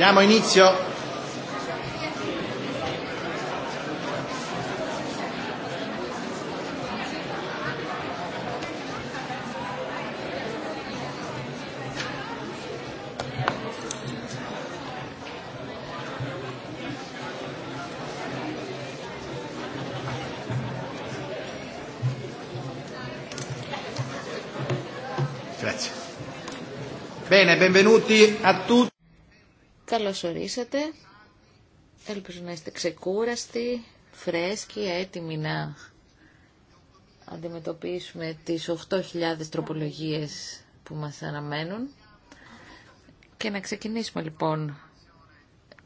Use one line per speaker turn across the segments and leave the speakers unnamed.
Diamo inizio. Grazie. Bene, benvenuti a tutti.
Καλώς ορίσατε. Ελπίζω να είστε ξεκούραστοι, φρέσκοι, έτοιμοι να αντιμετωπίσουμε τις 8.000 τροπολογίες που μας αναμένουν. Και να ξεκινήσουμε λοιπόν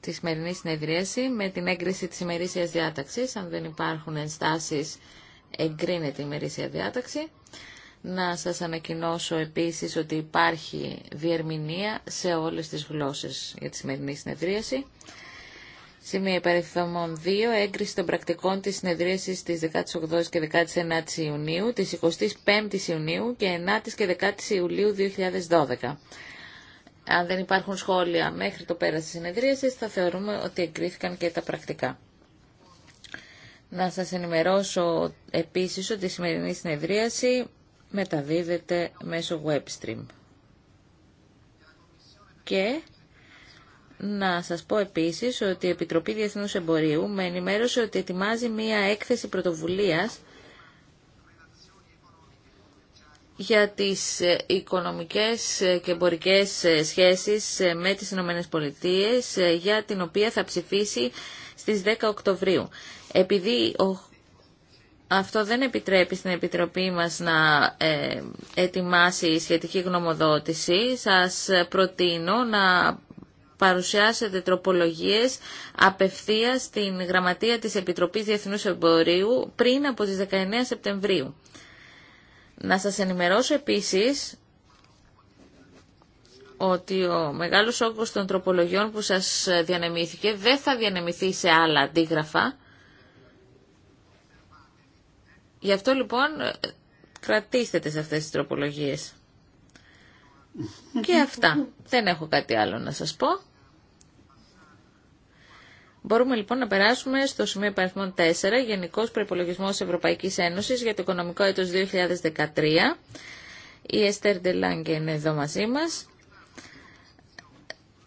τη σημερινή συνεδρίαση με την έγκριση της ημερήσιας διάταξης. Αν δεν υπάρχουν ενστάσεις, εγκρίνεται η ημερήσια διάταξη. Να σας ανακοινώσω επίσης ότι υπάρχει διερμηνία σε όλες τις γλώσσες για τη σημερινή συνεδρίαση. Σημεία υπαριθμών 2. Έγκριση των πρακτικών της συνεδρίασης της 18ης και 19ης Ιουνίου, της 25ης Ιουνίου και 9ης και 10ης Ιουλίου 2012. Αν δεν υπάρχουν σχόλια μέχρι το πέρας της συνεδρίασης, θα θεωρούμε ότι εγκρίθηκαν και τα πρακτικά. Να σας ενημερώσω επίσης ότι η σημερινή συνεδρίαση μεταδίδεται μέσω webstream. Και να σας πω επίσης ότι η Επιτροπή Διεθνούς Εμπορίου με ενημέρωσε ότι ετοιμάζει μία έκθεση πρωτοβουλίας για τις οικονομικές και εμπορικές σχέσεις με τις Ηνωμένες Πολιτείες, για την οποία θα ψηφίσει στις 10 Οκτωβρίου. Επειδή ο αυτό δεν επιτρέπει στην Επιτροπή μας να ε, ετοιμάσει σχετική γνωμοδότηση. Σας προτείνω να παρουσιάσετε τροπολογίες απευθείας στην Γραμματεία της Επιτροπής Διεθνούς Εμπορίου πριν από τις 19 Σεπτεμβρίου. Να σας ενημερώσω επίσης ότι ο μεγάλος όγκος των τροπολογιών που σας διανεμήθηκε δεν θα διανεμηθεί σε άλλα αντίγραφα, Γι' αυτό λοιπόν κρατήστε σε αυτές τις τροπολογίες.
Και αυτά.
Δεν έχω κάτι άλλο να σας πω. Μπορούμε λοιπόν να περάσουμε στο σημείο υπαριθμών 4, Γενικός Προϋπολογισμός Ευρωπαϊκής Ένωσης για το οικονομικό έτος 2013. Η Εστέρ Ντελάνγκε είναι εδώ μαζί μας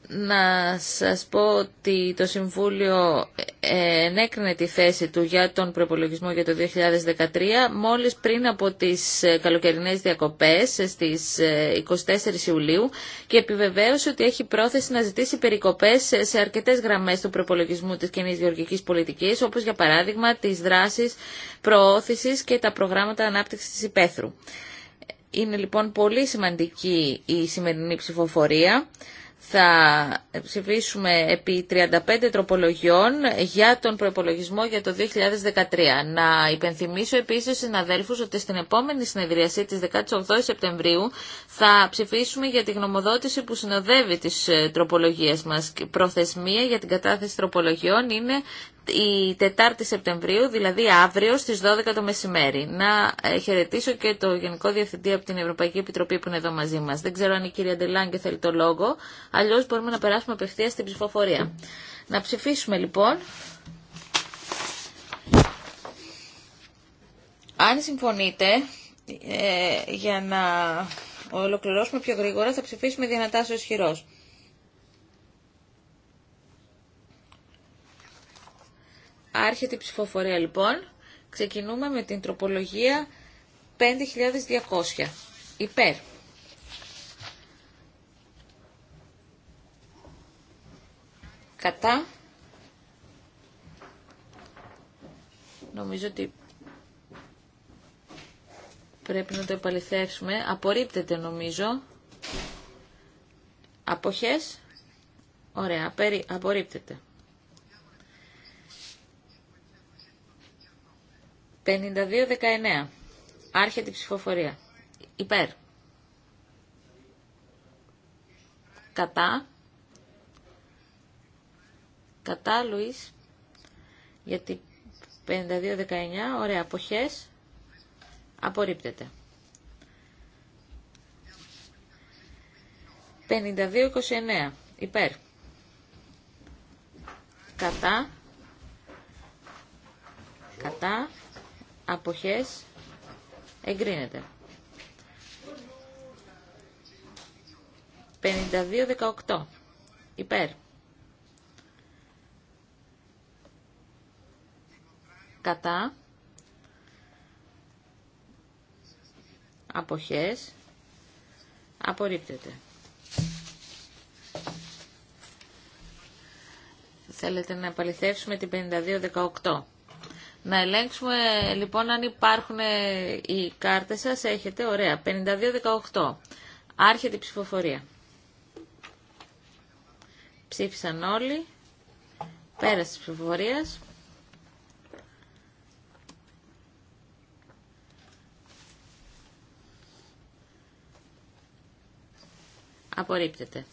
να σας πω ότι το Συμβούλιο ενέκρινε τη θέση του για τον προπολογισμό για το 2013 μόλις πριν από τις καλοκαιρινές διακοπές στις 24 ε, Ιουλίου και επιβεβαίωσε ότι έχει πρόθεση να ζητήσει περικοπές σε αρκετές γραμμές του προπολογισμού της κοινή γεωργικής πολιτικής όπως για παράδειγμα τις δράσεις προώθησης και τα προγράμματα ανάπτυξης της υπαίθρου. Είναι λοιπόν πολύ σημαντική η σημερινή ψηφοφορία θα ψηφίσουμε επί 35 τροπολογιών για τον προπολογισμό για το 2013. Να υπενθυμίσω επίσης στους συναδέλφους ότι στην επόμενη συνεδρίαση της 18 Σεπτεμβρίου θα ψηφίσουμε για τη γνωμοδότηση που συνοδεύει τις ε, τροπολογίες μας. προθεσμία για την κατάθεση τροπολογιών είναι η 4η Σεπτεμβρίου, δηλαδή αύριο στις 12 το μεσημέρι. Να ε, χαιρετήσω και το Γενικό Διευθυντή από την Ευρωπαϊκή Επιτροπή που είναι εδώ μαζί μας. Δεν ξέρω αν η κυρία Ντελάνγκε θέλει το λόγο, αλλιώς μπορούμε να περάσουμε απευθεία στην ψηφοφορία. Να ψηφίσουμε λοιπόν. Αν συμφωνείτε, ε, για να ολοκληρώσουμε πιο γρήγορα θα ψηφίσουμε δυνατά ο ισχυρός. Άρχεται η ψηφοφορία λοιπόν. Ξεκινούμε με την τροπολογία 5.200. Υπέρ. Κατά. Νομίζω ότι πρέπει να το επαληθεύσουμε. Απορρίπτεται νομίζω. Αποχές. Ωραία. Απορρίπτεται. 52-19. Άρχεται η ψηφοφορία. Υπέρ. Κατά. Κατά, Λουίς. Γιατί 52-19. Ωραία. Αποχές. Απορρίπτεται. 52-29. Υπέρ. Κατά. Κατά αποχές εγκρίνεται. 52-18 υπέρ. Κατά αποχές απορρίπτεται. Θέλετε να επαληθεύσουμε την 52-18. Να ελέγξουμε λοιπόν αν υπάρχουν ε, οι κάρτες σας. Έχετε, ωραία. 52-18. Άρχεται η ψηφοφορία. Ψήφισαν όλοι. Πέρασε της ψηφοφορίας. Απορρίπτεται.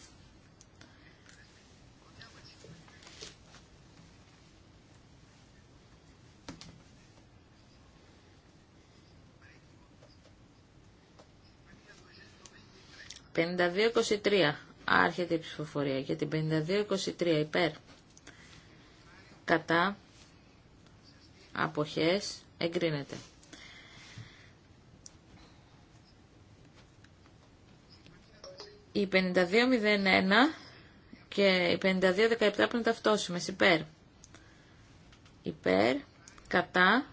52-23. Άρχεται η ψηφοφορία για την 52-23 υπέρ. Κατά. Αποχές. Η Εγκρίνεται. 52-01 και η 52-17 είναι ταυτόσιμες υπέρ. Υπέρ. Κατά.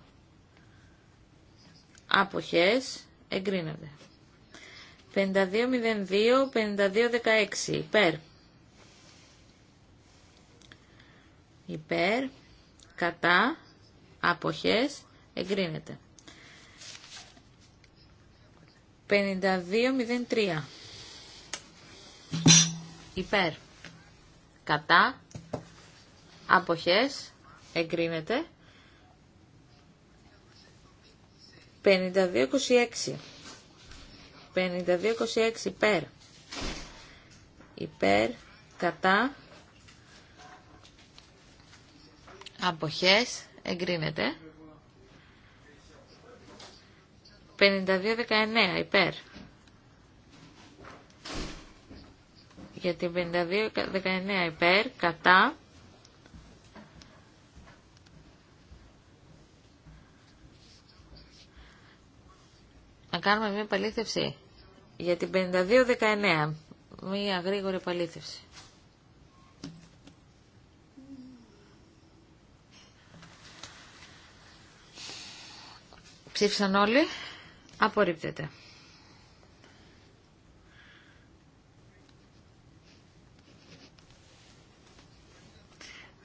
Αποχές. Εγκρίνονται. 5202-5216 υπέρ. Υπέρ, κατά, αποχές, εγκρίνεται. 5203 υπέρ, κατά, αποχές, εγκρίνεται. 5226 52-26 υπέρ. Υπέρ, κατά. Αποχές, εγκρίνεται. 52-19 υπέρ. Για την 52-19 υπέρ, κατά. Να κάνουμε μια παλήθευση. Για την 52-19, Μία γρήγορη επαλήθευση. Ψήφισαν όλοι. Απορρίπτεται.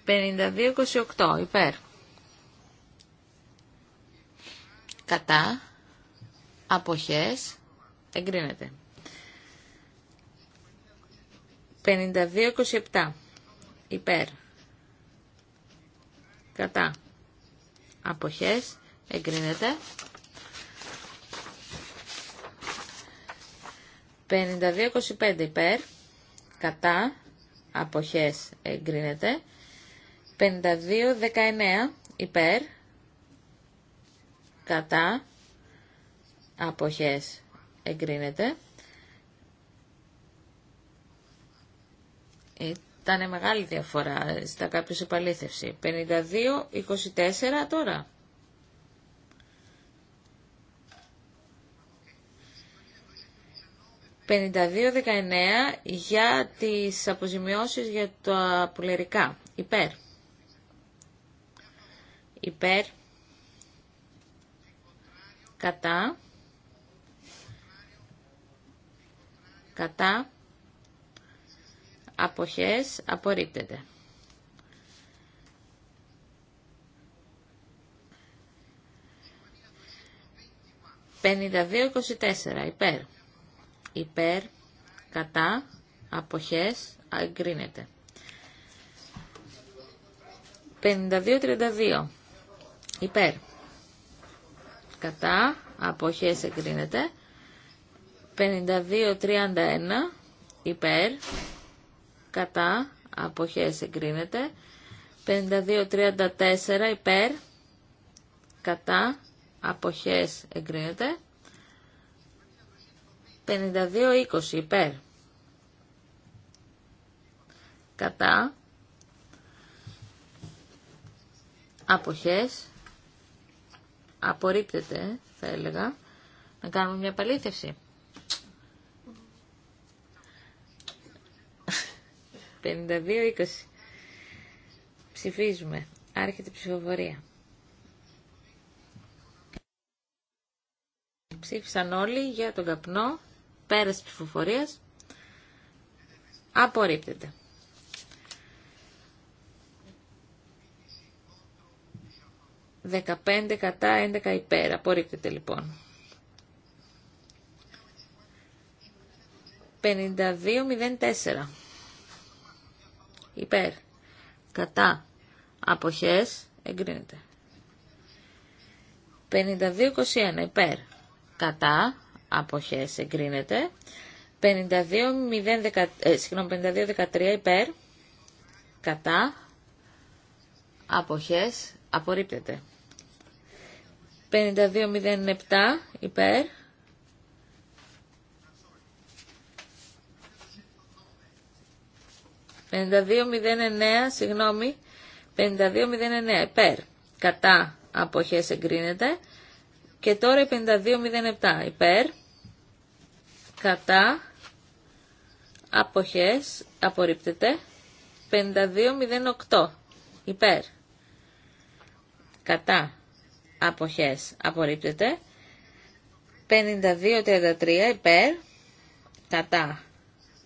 Πενήντα υπέρ. Κατά. Αποχές εγκρίνεται. 52-27 υπέρ κατά αποχές εγκρίνεται. 52-25 υπέρ κατά αποχές εγκρίνεται. 52-19 υπέρ κατά αποχές εγκρίνεται. Ήταν μεγάλη διαφορά στα καποιο επαληθευση επαλήθευση. 52-24 τώρα. «52-19 για τις αποζημιώσεις για τα πουλερικά. Υπέρ. Υπέρ. Κατά. κατά, αποχές, απορρίπτεται. «52-24 υπέρ, υπέρ, κατά, αποχές, εγκρίνεται. 52-32 υπέρ, κατά, αποχές, εγκρίνεται. 52-31 υπέρ, κατά, αποχές εγκρίνεται. 52-34 υπέρ, κατά, αποχές εγκρίνεται. 52-20 υπέρ, κατά, αποχές, απορρίπτεται θα έλεγα, να κάνουμε μια παλήθευση. 52-20. Ψηφίζουμε. Άρχεται η ψηφοφορία. Ψήφισαν όλοι για τον καπνό. Πέρας ψηφοφορίας. Απορρίπτεται. 15 κατά 11 υπέρ. Απορρίπτεται λοιπόν. 52-04 υπέρ, κατά, αποχές, εγκρίνεται. 52-21 υπέρ, κατά, αποχές, εγκρίνεται. 52-13 ε, υπέρ, κατά, αποχές, απορρίπτεται. 52-07 υπέρ, 5209, συγγνώμη, 5209 υπέρ, κατά αποχές εγκρίνεται και τώρα 5207 υπέρ, κατά αποχές απορρίπτεται 5208 υπέρ, κατά αποχές απορρίπτεται 5233 υπέρ, κατά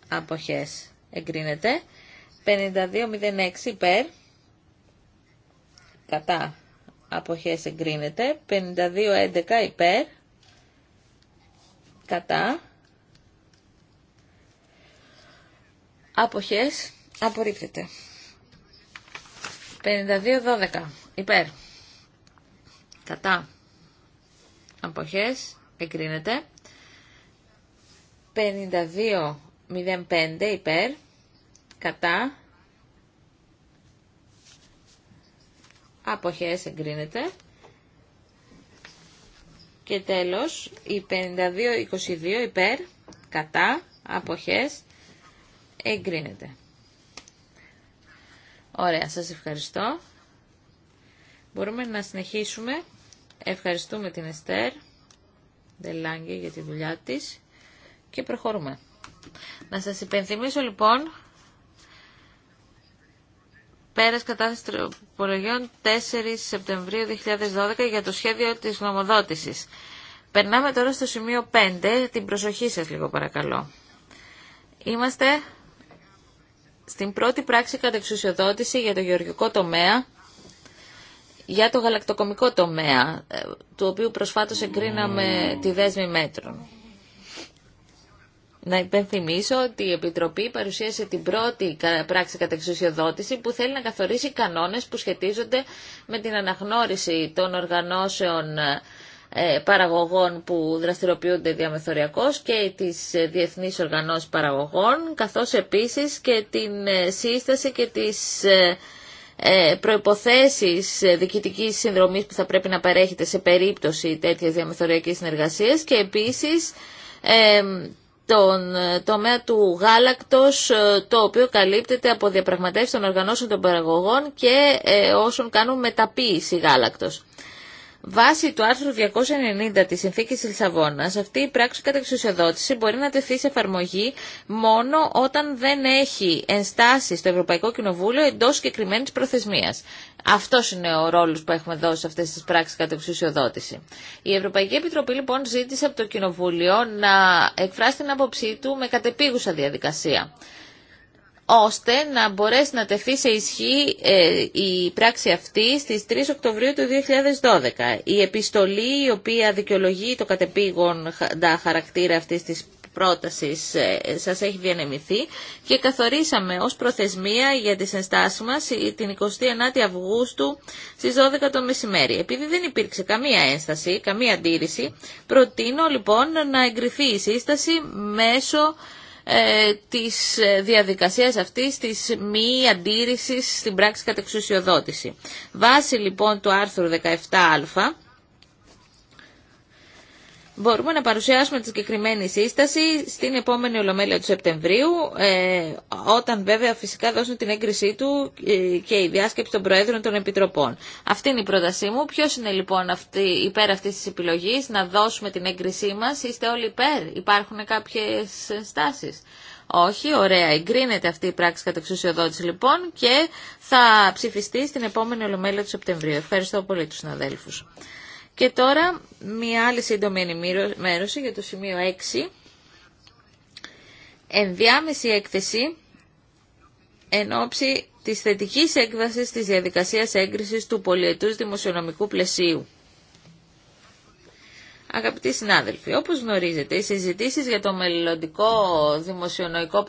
αποχές εγκρίνεται 5206 υπέρ. Κατά. Αποχές εγκρίνεται. 5211 υπέρ. Κατά. Αποχές 5212 Υπέρ. Κατά. Αποχές. 5205 Υπέρ. Κατά. Αποχές εγκρίνεται. Και τέλος, η 52-22 υπέρ, κατά, αποχές, εγκρίνεται. Ωραία, σας ευχαριστώ. Μπορούμε να συνεχίσουμε. Ευχαριστούμε την Εστέρ Δελάνγκη για τη δουλειά της και προχωρούμε. Να σας υπενθυμίσω λοιπόν Πέρας κατάθεση τροπολογιών 4 Σεπτεμβρίου 2012 για το σχέδιο της νομοδότησης. Περνάμε τώρα στο σημείο 5. Την προσοχή σας λίγο παρακαλώ. Είμαστε στην πρώτη πράξη κατεξουσιοδότηση για το γεωργικό τομέα, για το γαλακτοκομικό τομέα, ε, του οποίου προσφάτως εγκρίναμε τη δέσμη μέτρων. Να υπενθυμίσω ότι η Επιτροπή παρουσίασε την πρώτη πράξη κατά που θέλει να καθορίσει κανόνες που σχετίζονται με την αναγνώριση των οργανώσεων ε, παραγωγών που δραστηριοποιούνται διαμεθοριακώς και τις ε, διεθνείς οργανώσεις παραγωγών, καθώς επίσης και την ε, σύσταση και τις προϋποθέσεις διοικητικής συνδρομής που θα πρέπει να παρέχεται σε περίπτωση τέτοιας διαμεθοριακές συνεργασίες και επίσης τον ε, τομέα του γάλακτος, ε, το οποίο καλύπτεται από διαπραγματεύσεις των οργανώσεων των παραγωγών και ε, όσων κάνουν μεταποίηση γάλακτος. Βάσει του άρθρου 290 της Συνθήκης της Λισαβόνας, αυτή η πράξη κατά εξουσιοδότηση μπορεί να τεθεί σε εφαρμογή μόνο όταν δεν έχει ενστάσει στο Ευρωπαϊκό Κοινοβούλιο εντός συγκεκριμένη προθεσμίας. Αυτό είναι ο ρόλο που έχουμε δώσει σε αυτέ τι πράξει κατά εξουσιοδότηση. Η Ευρωπαϊκή Επιτροπή λοιπόν ζήτησε από το Κοινοβούλιο να εκφράσει την άποψή του με κατεπίγουσα διαδικασία ώστε να μπορέσει να τεθεί σε ισχύ ε, η πράξη αυτή στις 3 Οκτωβρίου του 2012. Η επιστολή η οποία δικαιολογεί το κατεπήγον τα χαρακτήρα αυτής της πρότασης ε, σας έχει διανεμηθεί και καθορίσαμε ως προθεσμία για τις ενστάσεις μας ε, την 29η Αυγούστου στις 12 το μεσημέρι. Επειδή δεν υπήρξε καμία ένσταση, καμία αντίρρηση, προτείνω λοιπόν να εγκριθεί η σύσταση μέσω ε, της ε, διαδικασίας αυτής της μη αντίρρησης στην πράξη κατεξουσιοδότηση. Βάσει λοιπόν του άρθρου 17α μπορούμε να παρουσιάσουμε τη συγκεκριμένη σύσταση στην επόμενη Ολομέλεια του Σεπτεμβρίου, ε, όταν βέβαια φυσικά δώσουν την έγκρισή του ε, και η διάσκεψη των Προέδρων των Επιτροπών. Αυτή είναι η πρότασή μου. Ποιο είναι λοιπόν αυτή, υπέρ αυτή τη επιλογή, να δώσουμε την έγκρισή μα, είστε όλοι υπέρ, υπάρχουν κάποιε στάσει. Όχι, ωραία, εγκρίνεται αυτή η πράξη κατά εξουσιοδότηση λοιπόν και θα ψηφιστεί στην επόμενη Ολομέλεια του Σεπτεμβρίου. Ευχαριστώ πολύ του συναδέλφου. Και τώρα μια άλλη σύντομη ενημέρωση για το σημείο 6. Ενδιάμεση έκθεση εν ώψη της θετικής έκβασης της διαδικασίας έγκρισης του πολιετούς δημοσιονομικού πλαισίου. Αγαπητοί συνάδελφοι, όπως γνωρίζετε, οι συζητήσεις για το μελλοντικό δημοσιονοϊκό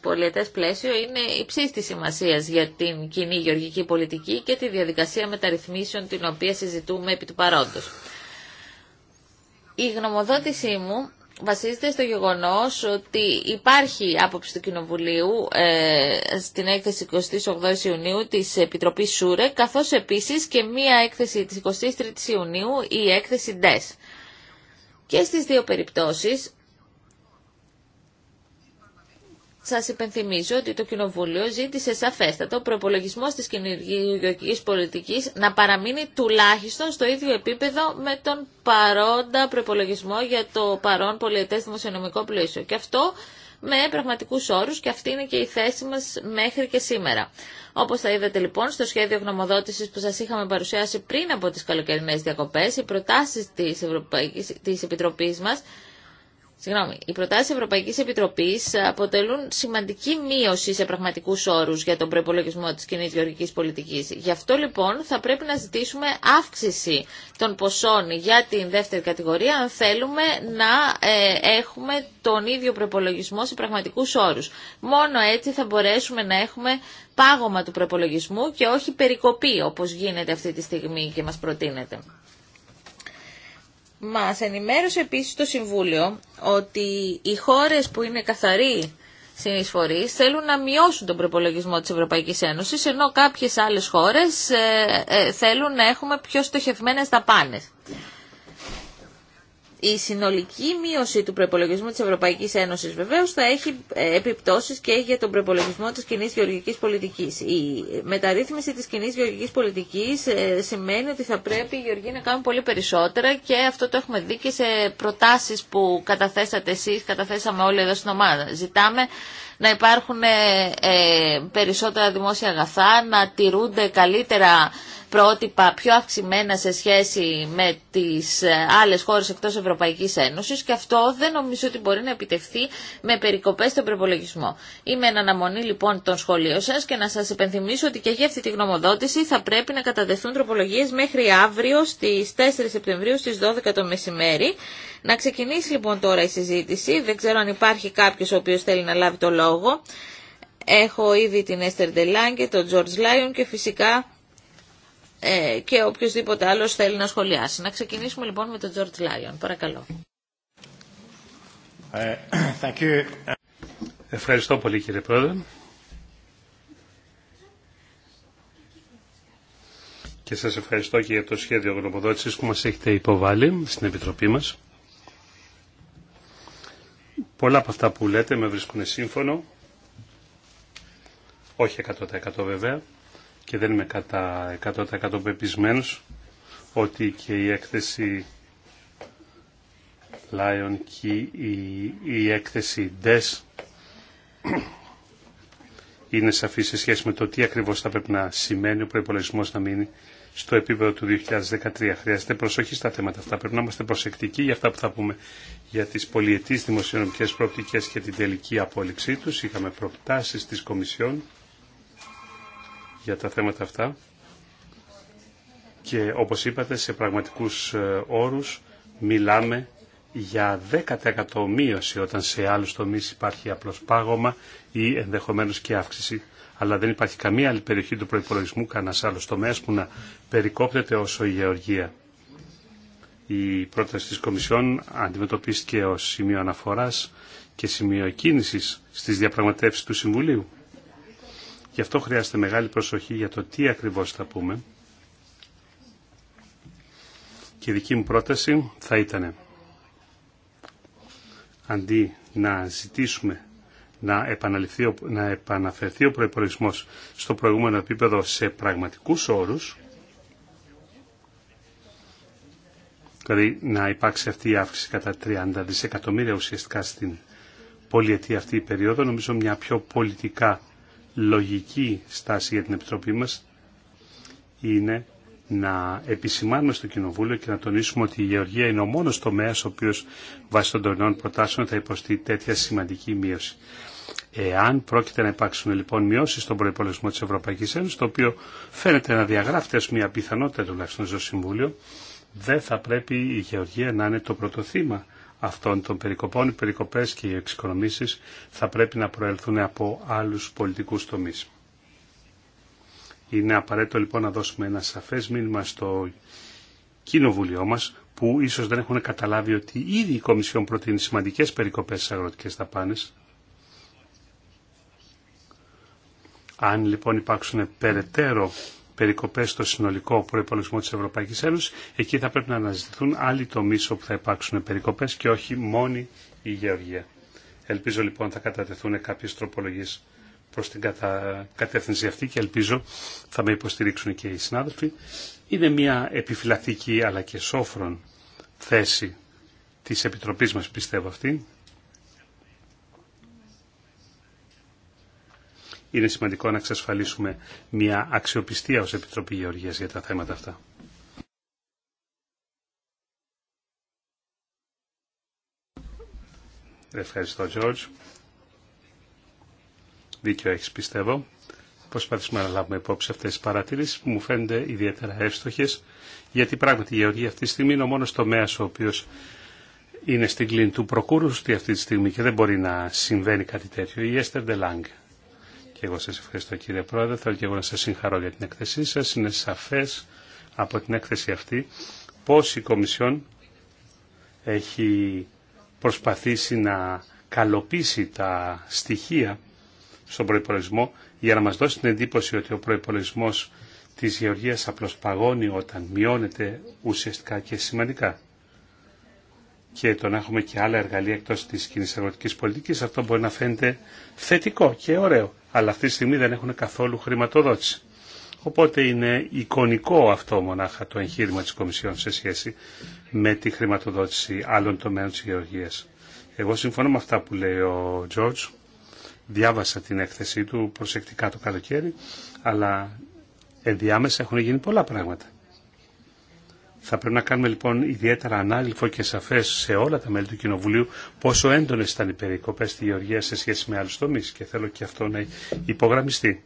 πολιετές πλαίσιο είναι υψής σημασία σημασίας για την κοινή γεωργική πολιτική και τη διαδικασία μεταρρυθμίσεων την οποία συζητούμε επί του παρόντος. Η γνωμοδότησή μου βασίζεται στο γεγονός ότι υπάρχει άποψη του Κοινοβουλίου ε, στην έκθεση 28 Ιουνίου της Επιτροπής ΣΟΥΡΕ, καθώς επίσης και μία έκθεση της 23 Ιουνίου, η έκθεση ΝΤΕΣ. Και στις δύο περιπτώσεις σας υπενθυμίζω ότι το Κοινοβούλιο ζήτησε σαφέστατο ο προπολογισμός της κοινωνικής πολιτικής να παραμείνει τουλάχιστον στο ίδιο επίπεδο με τον παρόντα προπολογισμό για το παρόν πολιετές δημοσιονομικό πλαίσιο. Και αυτό με πραγματικούς όρου, και αυτή είναι και η θέση μας μέχρι και σήμερα. Όπως θα είδατε λοιπόν στο σχέδιο γνωμοδότησης που σας είχαμε παρουσιάσει πριν από τι καλοκαιρινές διακοπές, οι προτάσει της, Ευρωπαϊκής, της Επιτροπής μας Συγγνώμη, οι προτάσει Ευρωπαϊκή Επιτροπή αποτελούν σημαντική μείωση σε πραγματικού όρου για τον προπολογισμό τη κοινή γεωργική πολιτική. Γι' αυτό λοιπόν θα πρέπει να ζητήσουμε αύξηση των ποσών για την δεύτερη κατηγορία, αν θέλουμε να ε, έχουμε τον ίδιο προπολογισμό σε πραγματικού όρου. Μόνο έτσι θα μπορέσουμε να έχουμε πάγωμα του προπολογισμού και όχι περικοπή, όπω γίνεται αυτή τη στιγμή και μα προτείνεται. Μας ενημέρωσε επίσης το Συμβούλιο ότι οι χώρες που είναι καθαροί συνεισφορείς θέλουν να μειώσουν τον προπολογισμό της Ευρωπαϊκής Ένωσης, ενώ κάποιες άλλες χώρες ε, ε, θέλουν να έχουμε πιο στοχευμένες δαπάνες η συνολική μείωση του προπολογισμού της Ευρωπαϊκής Ένωσης βεβαίως θα έχει ε, επιπτώσεις και για τον προπολογισμό της κοινή γεωργικής πολιτικής. Η μεταρρύθμιση της κοινή γεωργικής πολιτικής ε, σημαίνει ότι θα πρέπει οι γεωργοί να κάνουν πολύ περισσότερα και αυτό το έχουμε δει και σε προτάσεις που καταθέσατε εσείς, καταθέσαμε όλοι εδώ στην ομάδα. Ζητάμε να υπάρχουν ε, περισσότερα δημόσια αγαθά, να τηρούνται καλύτερα πρότυπα πιο αυξημένα σε σχέση με τις ε, άλλες χώρες εκτός Ευρωπαϊκής Ένωσης και αυτό δεν νομίζω ότι μπορεί να επιτευχθεί με περικοπές στον προπολογισμό. Είμαι εν αναμονή λοιπόν των σχολείων σας και να σας επενθυμίσω ότι και για αυτή τη γνωμοδότηση θα πρέπει να κατατεθούν τροπολογίες μέχρι αύριο στις 4 Σεπτεμβρίου στις 12 το μεσημέρι. Να ξεκινήσει λοιπόν τώρα η συζήτηση. Δεν ξέρω αν υπάρχει κάποιος ο οποίος θέλει να λάβει το λόγο. Έχω ήδη την Έστερ Ντελάνγκε, τον Τζορτζ Λάιον και φυσικά ε, και οποιοδήποτε άλλο θέλει να σχολιάσει. Να ξεκινήσουμε λοιπόν με τον Τζορτ Λάιον. Παρακαλώ.
Ε, thank you. Ευχαριστώ πολύ κύριε Πρόεδρε. Και σας ευχαριστώ και για το σχέδιο γνωμοδότησης που μας έχετε υποβάλει στην Επιτροπή μας. Πολλά από αυτά που λέτε με βρίσκουν σύμφωνο. Όχι 100% βέβαια και δεν είμαι κατά 100% πεπισμένος ότι και η έκθεση Lion και η, έκθεση DES είναι σαφή σε σχέση με το τι ακριβώς θα πρέπει να σημαίνει ο προπολογισμό να μείνει στο επίπεδο του 2013. Χρειάζεται προσοχή στα θέματα αυτά. Πρέπει να είμαστε προσεκτικοί για αυτά που θα πούμε για τις πολιετής δημοσιονομικές προοπτικές και την τελική απόλυξή τους. Είχαμε προτάσεις της Κομισιόν για τα θέματα αυτά και όπως είπατε σε πραγματικούς ε, όρους μιλάμε για 10% μείωση όταν σε άλλους τομείς υπάρχει απλώς πάγωμα ή ενδεχομένως και αύξηση. Αλλά δεν υπάρχει καμία άλλη περιοχή του προϋπολογισμού, κανένας άλλος τομέας που να περικόπτεται όσο η γεωργία. Η πρόταση της Κομισιόν αντιμετωπίστηκε ως σημείο αναφοράς και σημείο κίνησης στις διαπραγματεύσεις του Συμβουλίου. Γι' αυτό χρειάζεται μεγάλη προσοχή για το τι ακριβώς θα πούμε. Και η δική μου πρόταση θα ήταν αντί να ζητήσουμε να, επαναληφθεί, να επαναφερθεί ο προϋπολογισμός στο προηγούμενο επίπεδο σε πραγματικούς όρους, δηλαδή να υπάρξει αυτή η αύξηση κατά 30 δισεκατομμύρια ουσιαστικά στην πολυετή αυτή η περίοδο, νομίζω μια πιο πολιτικά λογική στάση για την Επιτροπή μας είναι να επισημάνουμε στο Κοινοβούλιο και να τονίσουμε ότι η γεωργία είναι ο μόνος τομέας ο οποίος βάσει των τωρινών προτάσεων θα υποστεί τέτοια σημαντική μείωση. Εάν πρόκειται να υπάρξουν λοιπόν μειώσει στον προπολογισμό τη Ευρωπαϊκή Ένωση, το οποίο φαίνεται να διαγράφεται ω μια πιθανότητα τουλάχιστον στο Συμβούλιο, δεν θα πρέπει η γεωργία να είναι το πρωτοθύμα αυτών των περικοπών. Οι περικοπές και οι εξοικονομήσεις θα πρέπει να προέλθουν από άλλους πολιτικούς τομείς. Είναι απαραίτητο λοιπόν να δώσουμε ένα σαφές μήνυμα στο κοινοβούλιο μας που ίσως δεν έχουν καταλάβει ότι ήδη η Κομισιόν προτείνει σημαντικές περικοπές στις αγροτικές δαπάνες. Αν λοιπόν υπάρξουν περαιτέρω περικοπές στο συνολικό προϋπολογισμό της Ευρωπαϊκής Ένωσης, εκεί θα πρέπει να αναζητηθούν άλλοι τομείς όπου θα υπάρξουν περικοπές και όχι μόνο η γεωργία. Ελπίζω λοιπόν θα κατατεθούν κάποιες τροπολογίες προς την κατα... κατεύθυνση αυτή και ελπίζω θα με υποστηρίξουν και οι συνάδελφοι. Είναι μια επιφυλακτική αλλά και σόφρον θέση της Επιτροπής μας πιστεύω αυτή είναι σημαντικό να εξασφαλίσουμε μια αξιοπιστία ως Επιτροπή Γεωργίας για τα θέματα αυτά. Ευχαριστώ, Τζόρτζ. Δίκιο έχεις, πιστεύω. Προσπαθήσουμε να λάβουμε υπόψη αυτές τις παρατηρήσεις που μου φαίνονται ιδιαίτερα εύστοχες, γιατί πράγματι η Γεωργία αυτή τη στιγμή είναι ο μόνος τομέας ο οποίος είναι στην κλίνη του προκούρου αυτή τη στιγμή και δεν μπορεί να συμβαίνει κάτι τέτοιο. Η και εγώ σας ευχαριστώ κύριε Πρόεδρε. Θέλω και εγώ να σας συγχαρώ για την έκθεσή σας. Είναι σαφές από την έκθεση αυτή πώς η Κομισιόν έχει προσπαθήσει να καλοποιήσει τα στοιχεία στον προϋπολογισμό για να μας δώσει την εντύπωση ότι ο προϋπολογισμός της γεωργίας απλώς παγώνει όταν μειώνεται ουσιαστικά και σημαντικά. Και το να έχουμε και άλλα εργαλεία εκτός της κοινής αγροτικής πολιτικής, αυτό μπορεί να φαίνεται θετικό και ωραίο αλλά αυτή τη στιγμή δεν έχουν καθόλου χρηματοδότηση. Οπότε είναι εικονικό αυτό μονάχα το εγχείρημα της Κομισιόν σε σχέση με τη χρηματοδότηση άλλων τομέων της γεωργίας. Εγώ συμφωνώ με αυτά που λέει ο Τζόρτζ. Διάβασα την έκθεσή του προσεκτικά το καλοκαίρι, αλλά ενδιάμεσα έχουν γίνει πολλά πράγματα. Θα πρέπει να κάνουμε λοιπόν ιδιαίτερα ανάλυφο και σαφέ σε όλα τα μέλη του Κοινοβουλίου πόσο έντονε ήταν οι περικοπέ στη Γεωργία σε σχέση με άλλου τομεί και θέλω και αυτό να υπογραμμιστεί.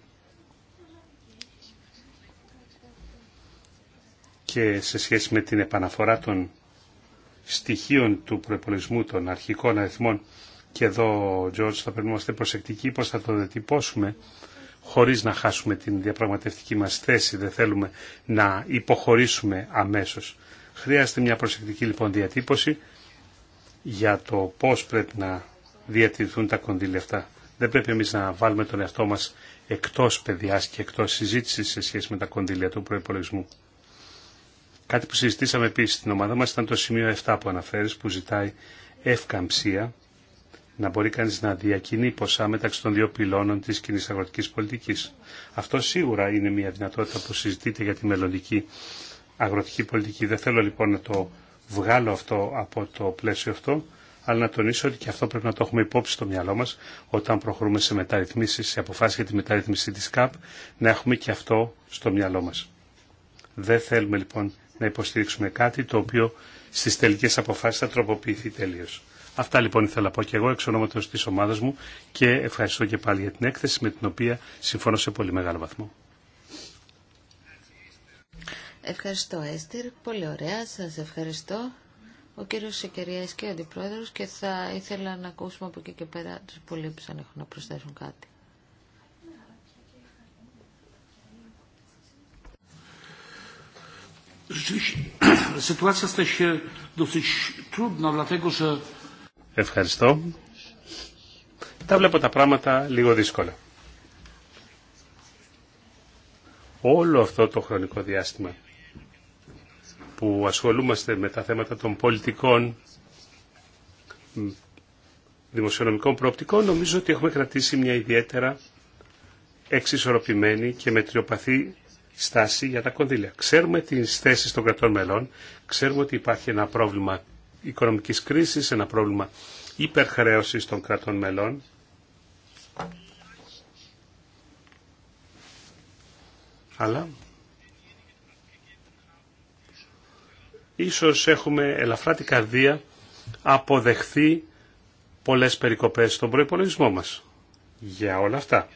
Και σε σχέση με την επαναφορά των στοιχείων του προπολογισμού των αρχικών αριθμών και εδώ, George, θα πρέπει να είμαστε προσεκτικοί πώς θα το διατυπώσουμε χωρίς να χάσουμε την διαπραγματευτική μας θέση, δεν θέλουμε να υποχωρήσουμε αμέσως. Χρειάζεται μια προσεκτική λοιπόν διατύπωση για το πώς πρέπει να διατηρηθούν τα κονδύλια αυτά. Δεν πρέπει εμείς να βάλουμε τον εαυτό μας εκτός παιδιάς και εκτός συζήτησης σε σχέση με τα κονδύλια του προϋπολογισμού. Κάτι που συζητήσαμε επίσης στην ομάδα μας ήταν το σημείο 7 που αναφέρεις που ζητάει ευκαμψία να μπορεί κανείς να διακινεί ποσά μεταξύ των δύο πυλώνων της κοινή αγροτικής πολιτικής. Αυτό σίγουρα είναι μια δυνατότητα που συζητείται για τη μελλοντική αγροτική πολιτική. Δεν θέλω λοιπόν να το βγάλω αυτό από το πλαίσιο αυτό, αλλά να τονίσω ότι και αυτό πρέπει να το έχουμε υπόψη στο μυαλό μας όταν προχωρούμε σε μεταρρυθμίσεις, σε αποφάσεις για τη μεταρρυθμίση της ΚΑΠ, να έχουμε και αυτό στο μυαλό μας. Δεν θέλουμε λοιπόν να υποστηρίξουμε κάτι το οποίο στις τελικές αποφάσεις θα τροποποιηθεί τελείως. Αυτά λοιπόν ήθελα να πω και εγώ εξ ονόματος της ομάδας μου και ευχαριστώ και πάλι για την έκθεση με την οποία συμφωνώ σε πολύ μεγάλο βαθμό.
Ευχαριστώ Έστηρ, πολύ ωραία, σας ευχαριστώ. Ο κύριος Σεκεριάς και ο Αντιπρόεδρος και θα ήθελα να ακούσουμε από εκεί και πέρα τους υπολείπους αν έχουν να προσθέσουν κάτι.
Rzeczywiście sytuacja Ευχαριστώ. Τα βλέπω τα πράγματα λίγο δύσκολα. Όλο αυτό το χρονικό διάστημα που ασχολούμαστε με τα θέματα των πολιτικών δημοσιονομικών προοπτικών, νομίζω ότι έχουμε κρατήσει μια ιδιαίτερα εξισορροπημένη και μετριοπαθή στάση για τα κονδύλια. Ξέρουμε τις θέσεις των κρατών μελών, ξέρουμε ότι υπάρχει ένα πρόβλημα οικονομικής κρίσης, ένα πρόβλημα υπερχρέωσης των κρατών μελών. Αλλά ίσως έχουμε ελαφρά την καρδία αποδεχθεί πολλές περικοπές στον προϋπολογισμό μας. Για όλα αυτά.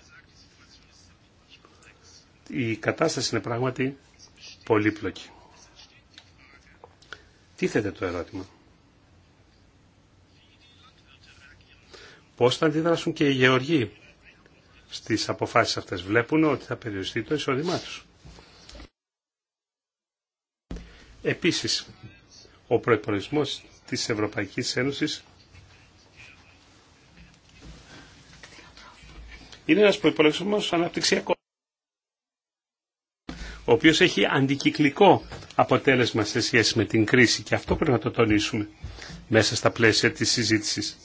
Η κατάσταση είναι πράγματι πολύπλοκη. Τίθεται το ερώτημα. Πώς θα αντιδράσουν και οι γεωργοί στις αποφάσεις αυτές. Βλέπουν ότι θα περιοριστεί το εισόδημά τους. Επίσης, ο προϋπολογισμός της Ευρωπαϊκής Ένωσης είναι ένας προϋπολογισμός αναπτυξιακό ο οποίος έχει αντικυκλικό αποτέλεσμα σε σχέση με την κρίση και αυτό πρέπει να το τονίσουμε μέσα στα πλαίσια της συζήτησης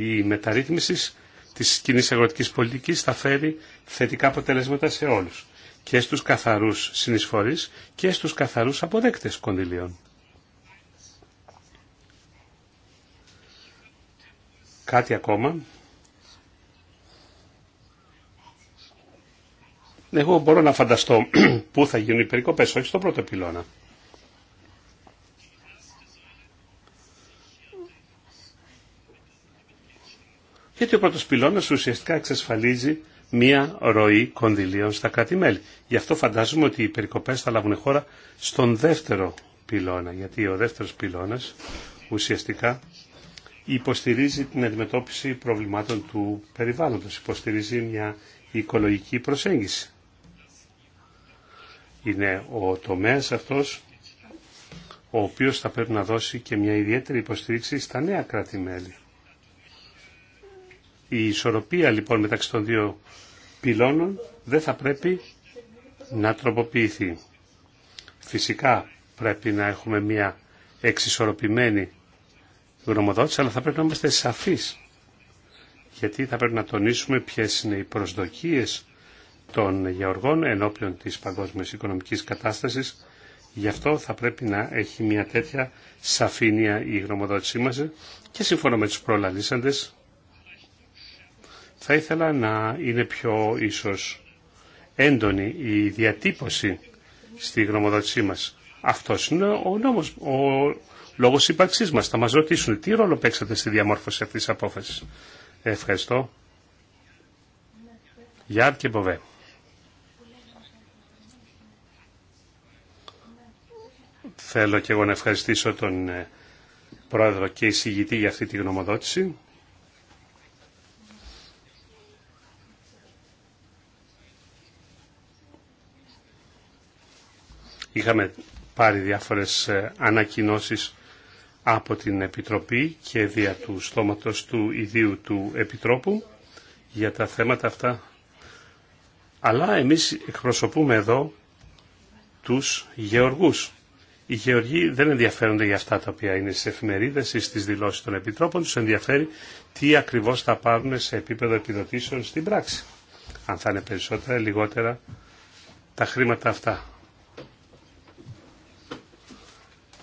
η μεταρρύθμιση της κοινή αγροτική πολιτικής θα φέρει θετικά αποτελέσματα σε όλους και στους καθαρούς συνεισφορεί και στους καθαρούς αποδέκτες κονδυλίων. Κάτι ακόμα. Εγώ μπορώ να φανταστώ πού θα γίνουν οι περικοπές, όχι στον πρώτο πυλώνα. Γιατί ο πρώτος πυλώνας ουσιαστικά εξασφαλίζει μία ροή κονδυλίων στα κράτη-μέλη. Γι' αυτό φαντάζομαι ότι οι περικοπές θα λάβουν χώρα στον δεύτερο πυλώνα, γιατί ο δεύτερος πυλώνας ουσιαστικά υποστηρίζει την αντιμετώπιση προβλημάτων του περιβάλλοντος, υποστηρίζει μια οικολογική προσέγγιση. Είναι ο τομέας αυτός ο οποίος θα πρέπει να δώσει και μια ιδιαίτερη υποστήριξη στα νέα κράτη-μέλη. Η ισορροπία λοιπόν μεταξύ των δύο πυλώνων δεν θα πρέπει να τροποποιηθεί. Φυσικά πρέπει να έχουμε μια εξισορροπημένη γνωμοδότηση, αλλά θα πρέπει να είμαστε σαφείς. Γιατί θα πρέπει να τονίσουμε ποιες είναι οι προσδοκίες των γεωργών ενώπιον της παγκόσμιας οικονομικής κατάστασης. Γι' αυτό θα πρέπει να έχει μια τέτοια σαφήνεια η γνωμοδότησή μας και σύμφωνα με τους προλαλήσαντες θα ήθελα να είναι πιο ίσως έντονη η διατύπωση στη γνωμοδότησή μας. Αυτός είναι ο νόμος, ο λόγος ύπαρξής μας. Θα μας ρωτήσουν τι ρόλο παίξατε στη διαμόρφωση αυτής της απόφασης. Ευχαριστώ. Γεια και Μποβέ. Θέλω και εγώ να ευχαριστήσω τον ε, Πρόεδρο και εισηγητή για αυτή τη γνωμοδότηση. Είχαμε πάρει διάφορες ε, ανακοινώσεις από την Επιτροπή και δια του στόματος του ιδίου του Επιτρόπου για τα θέματα αυτά. Αλλά εμείς εκπροσωπούμε εδώ τους γεωργούς. Οι γεωργοί δεν ενδιαφέρονται για αυτά τα οποία είναι στις εφημερίδες ή στις δηλώσεις των Επιτρόπων. Τους ενδιαφέρει τι ακριβώς θα πάρουν σε επίπεδο επιδοτήσεων στην πράξη. Αν θα είναι περισσότερα ή λιγότερα τα χρήματα αυτά.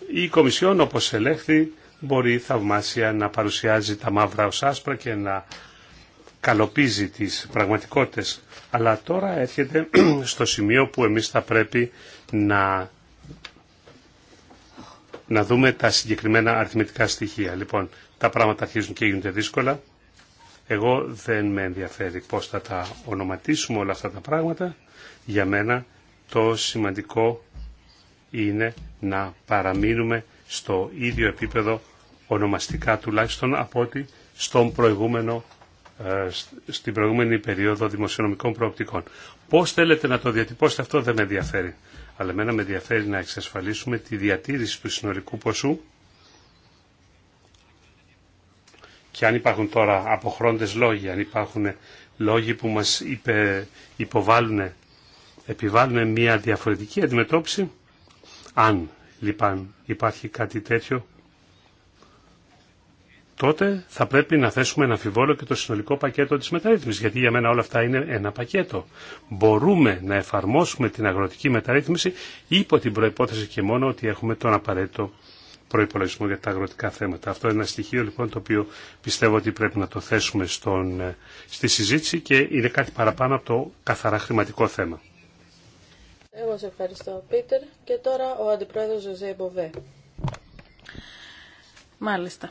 Η Κομισιόν, όπως ελέγχθη, μπορεί θαυμάσια να παρουσιάζει τα μαύρα ως άσπρα και να καλοπίζει τις πραγματικότητες. Αλλά τώρα έρχεται στο σημείο που εμείς θα πρέπει να, να δούμε τα συγκεκριμένα αριθμητικά στοιχεία. Λοιπόν, τα πράγματα αρχίζουν και γίνονται δύσκολα. Εγώ δεν με ενδιαφέρει πώς θα τα ονοματίσουμε όλα αυτά τα πράγματα. Για μένα το σημαντικό είναι να παραμείνουμε στο ίδιο επίπεδο ονομαστικά τουλάχιστον από ότι στον προηγούμενο, ε, στην προηγούμενη περίοδο δημοσιονομικών προοπτικών. Πώς θέλετε να το διατυπώσετε αυτό δεν με ενδιαφέρει. Αλλά εμένα με ενδιαφέρει να εξασφαλίσουμε τη διατήρηση του συνολικού ποσού και αν υπάρχουν τώρα αποχρόντες λόγοι, αν υπάρχουν λόγοι που μας υποβάλλουν, επιβάλλουν μια διαφορετική αντιμετώπιση, αν λοιπόν υπάρχει κάτι τέτοιο, τότε θα πρέπει να θέσουμε ένα αμφιβόλο και το συνολικό πακέτο της μεταρρύθμισης, γιατί για μένα όλα αυτά είναι ένα πακέτο. Μπορούμε να εφαρμόσουμε την αγροτική μεταρρύθμιση υπό την προϋπόθεση και μόνο ότι έχουμε τον απαραίτητο προϋπολογισμό για τα αγροτικά θέματα. Αυτό είναι ένα στοιχείο λοιπόν το οποίο πιστεύω ότι πρέπει να το θέσουμε στον, ε, στη συζήτηση και είναι κάτι παραπάνω από το καθαρά χρηματικό θέμα.
Εγώ σε ευχαριστώ, Πίτερ. Και τώρα ο Αντιπρόεδρος Ζωζέ Μποβέ. Μάλιστα.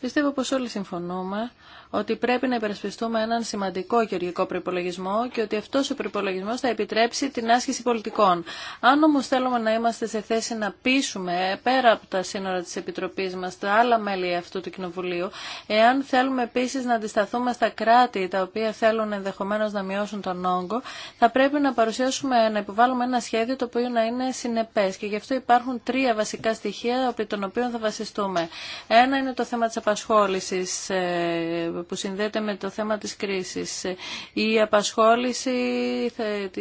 Πιστεύω πως όλοι συμφωνούμε ότι πρέπει να υπερασπιστούμε έναν σημαντικό γεωργικό προπολογισμό και ότι αυτό ο προπολογισμό θα επιτρέψει την άσκηση πολιτικών. Αν όμω θέλουμε να είμαστε σε θέση να πείσουμε ε, πέρα από τα σύνορα τη επιτροπή μα τα άλλα μέλη αυτού του Κοινοβουλίου, εάν θέλουμε επίση να αντισταθούμε στα κράτη τα οποία θέλουν ενδεχομένω να μειώσουν τον όγκο, θα πρέπει να παρουσιάσουμε, να υποβάλουμε ένα σχέδιο το οποίο να είναι συνεπέ. και γι' αυτό υπάρχουν τρία βασικά στοιχεία των οποίων θα βασιστούμε. Ένα είναι το θέμα τη απασχόληση. Ε, που συνδέεται με το θέμα της κρίσης. Η απασχόληση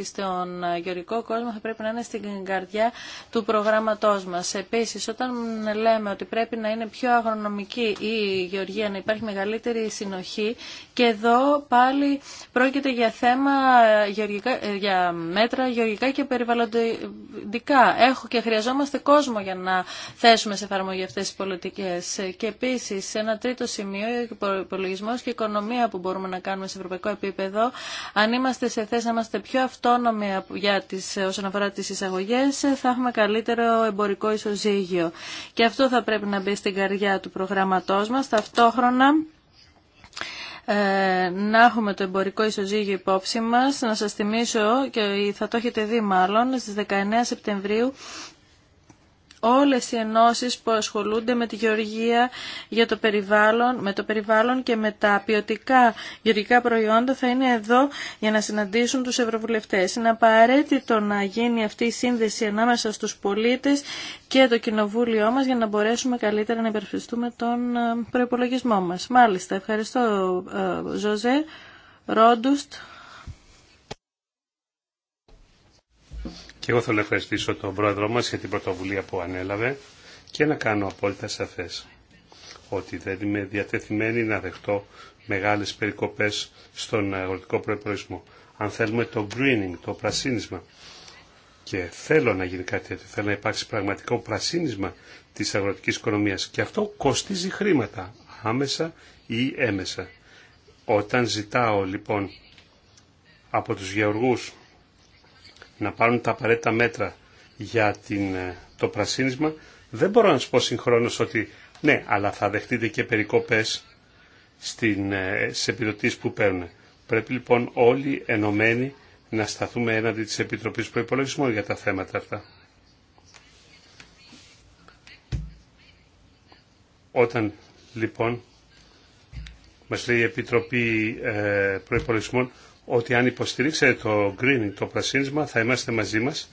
στον γεωργικό κόσμο θα πρέπει να είναι στην καρδιά του προγράμματός μας. Επίσης, όταν λέμε ότι πρέπει να είναι πιο αγρονομική η γεωργία, να υπάρχει μεγαλύτερη συνοχή και εδώ πάλι πρόκειται για θέμα γεωργικά, για μέτρα γεωργικά και περιβαλλοντικά. Έχω και χρειαζόμαστε κόσμο για να θέσουμε σε εφαρμογή αυτές τις πολιτικές. Και επίσης, ένα τρίτο σημείο, ο υπολογισμό και η οικονομία που μπορούμε να κάνουμε σε ευρωπαϊκό επίπεδο. Αν είμαστε σε θέση να είμαστε πιο αυτόνομοι για τις, όσον αφορά τι εισαγωγές, θα έχουμε καλύτερο εμπορικό ισοζύγιο. Και αυτό θα πρέπει να μπει στην καρδιά του προγράμματό μα. Ταυτόχρονα, ε, να έχουμε το εμπορικό ισοζύγιο υπόψη μας. Να σας θυμίσω, και θα το έχετε δει μάλλον, στις 19 Σεπτεμβρίου όλες οι ενώσεις που ασχολούνται με τη γεωργία για το περιβάλλον, με το περιβάλλον και με τα ποιοτικά γεωργικά προϊόντα θα είναι εδώ για να συναντήσουν τους ευρωβουλευτές. Είναι απαραίτητο να γίνει αυτή η σύνδεση ανάμεσα στους πολίτες και το κοινοβούλιο μας για να μπορέσουμε καλύτερα να υπερφυστούμε τον ε, προπολογισμό μας. Μάλιστα, ευχαριστώ ε, Ζωζέ Ρόντουστ.
Και εγώ θέλω να ευχαριστήσω τον πρόεδρό μας για την πρωτοβουλία που ανέλαβε και να κάνω απόλυτα σαφές ότι δεν είμαι διατεθειμένη να δεχτώ μεγάλες περικοπές στον αγροτικό προϋπολογισμό. Αν θέλουμε το greening, το πρασίνισμα, και θέλω να γίνει κάτι τέτοιο, θέλω να υπάρξει πραγματικό πρασίνισμα της αγροτικής οικονομίας και αυτό κοστίζει χρήματα, άμεσα ή έμεσα. Όταν ζητάω λοιπόν από τους γεωργούς να πάρουν τα απαραίτητα μέτρα για την, ε, το πρασίνισμα, δεν μπορώ να σου πω συγχρόνως ότι ναι, αλλά θα δεχτείτε και περικοπές στην, ε, στις που παίρνουν. Πρέπει λοιπόν όλοι ενωμένοι να σταθούμε έναντι της Επιτροπής προϋπολογισμού για τα θέματα αυτά. Όταν λοιπόν μας λέει η Επιτροπή ε, Προϋπολογισμών ότι αν υποστηρίξετε το Green το πρασίνισμα, θα είμαστε μαζί μας,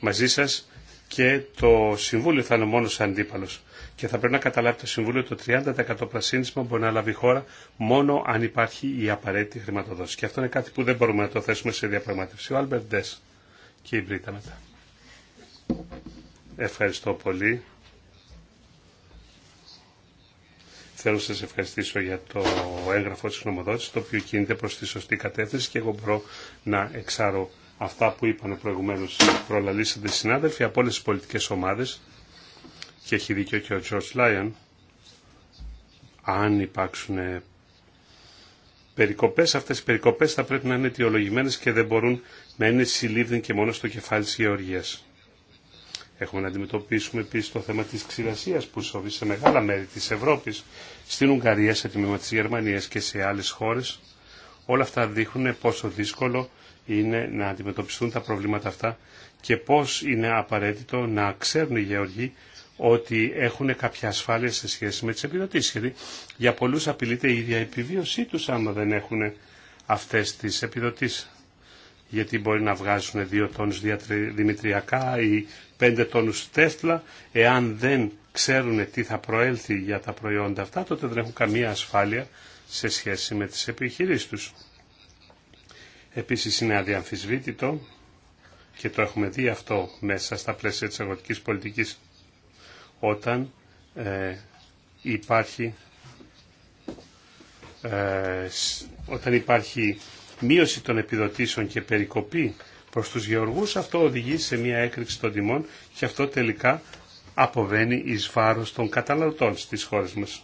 μαζί σας και το Συμβούλιο θα είναι μόνος αντίπαλος. Και θα πρέπει να καταλάβει το Συμβούλιο ότι το 30% πρασίνισμα μπορεί να λάβει η χώρα μόνο αν υπάρχει η απαραίτητη χρηματοδότηση. Και αυτό είναι κάτι που δεν μπορούμε να το θέσουμε σε διαπραγμάτευση. Ο Άλμπερντ Ντες και η Μπρίτα μετά. Ευχαριστώ πολύ. Θέλω να σας ευχαριστήσω για το έγγραφο της νομοδότησης, το οποίο κινείται προς τη σωστή κατεύθυνση και εγώ μπορώ να εξάρω αυτά που είπαν προηγουμένως προλαλήσαντε συνάδελφοι από όλε τι πολιτικές ομάδες και έχει δίκιο και ο George Λάιον. αν υπάρξουν ε, περικοπές, αυτές οι περικοπές θα πρέπει να είναι αιτιολογημένε και δεν μπορούν να είναι συλλήβδιν και μόνο στο κεφάλι τη γεωργίας. Έχουμε να αντιμετωπίσουμε επίση το θέμα τη ξηρασία που σώβει σε μεγάλα μέρη τη Ευρώπη, στην Ουγγαρία, σε τμήμα τη Γερμανία και σε άλλε χώρε. Όλα αυτά δείχνουν πόσο δύσκολο είναι να αντιμετωπιστούν τα προβλήματα αυτά και πώς είναι απαραίτητο να ξέρουν οι γεωργοί ότι έχουν κάποια ασφάλεια σε σχέση με τι επιδοτήσει. Γιατί για πολλού απειλείται η ίδια επιβίωσή τους άμα δεν έχουν αυτέ τι επιδοτήσει γιατί μπορεί να βγάζουν 2 τόνους δημητριακά ή 5 τόνους τέφλα. Εάν δεν ξέρουν τι θα προέλθει για τα προϊόντα αυτά, τότε δεν έχουν καμία ασφάλεια σε σχέση με τις επιχειρήσεις τους. Επίσης είναι αδιαμφισβήτητο και το έχουμε δει αυτό μέσα στα πλαίσια της αγροτικής πολιτικής όταν ε, υπάρχει ε, όταν υπάρχει μείωση των επιδοτήσεων και περικοπή προς τους γεωργούς, αυτό οδηγεί σε μια έκρηξη των τιμών και αυτό τελικά αποβαίνει εις βάρος των καταναλωτών στις χώρες μας.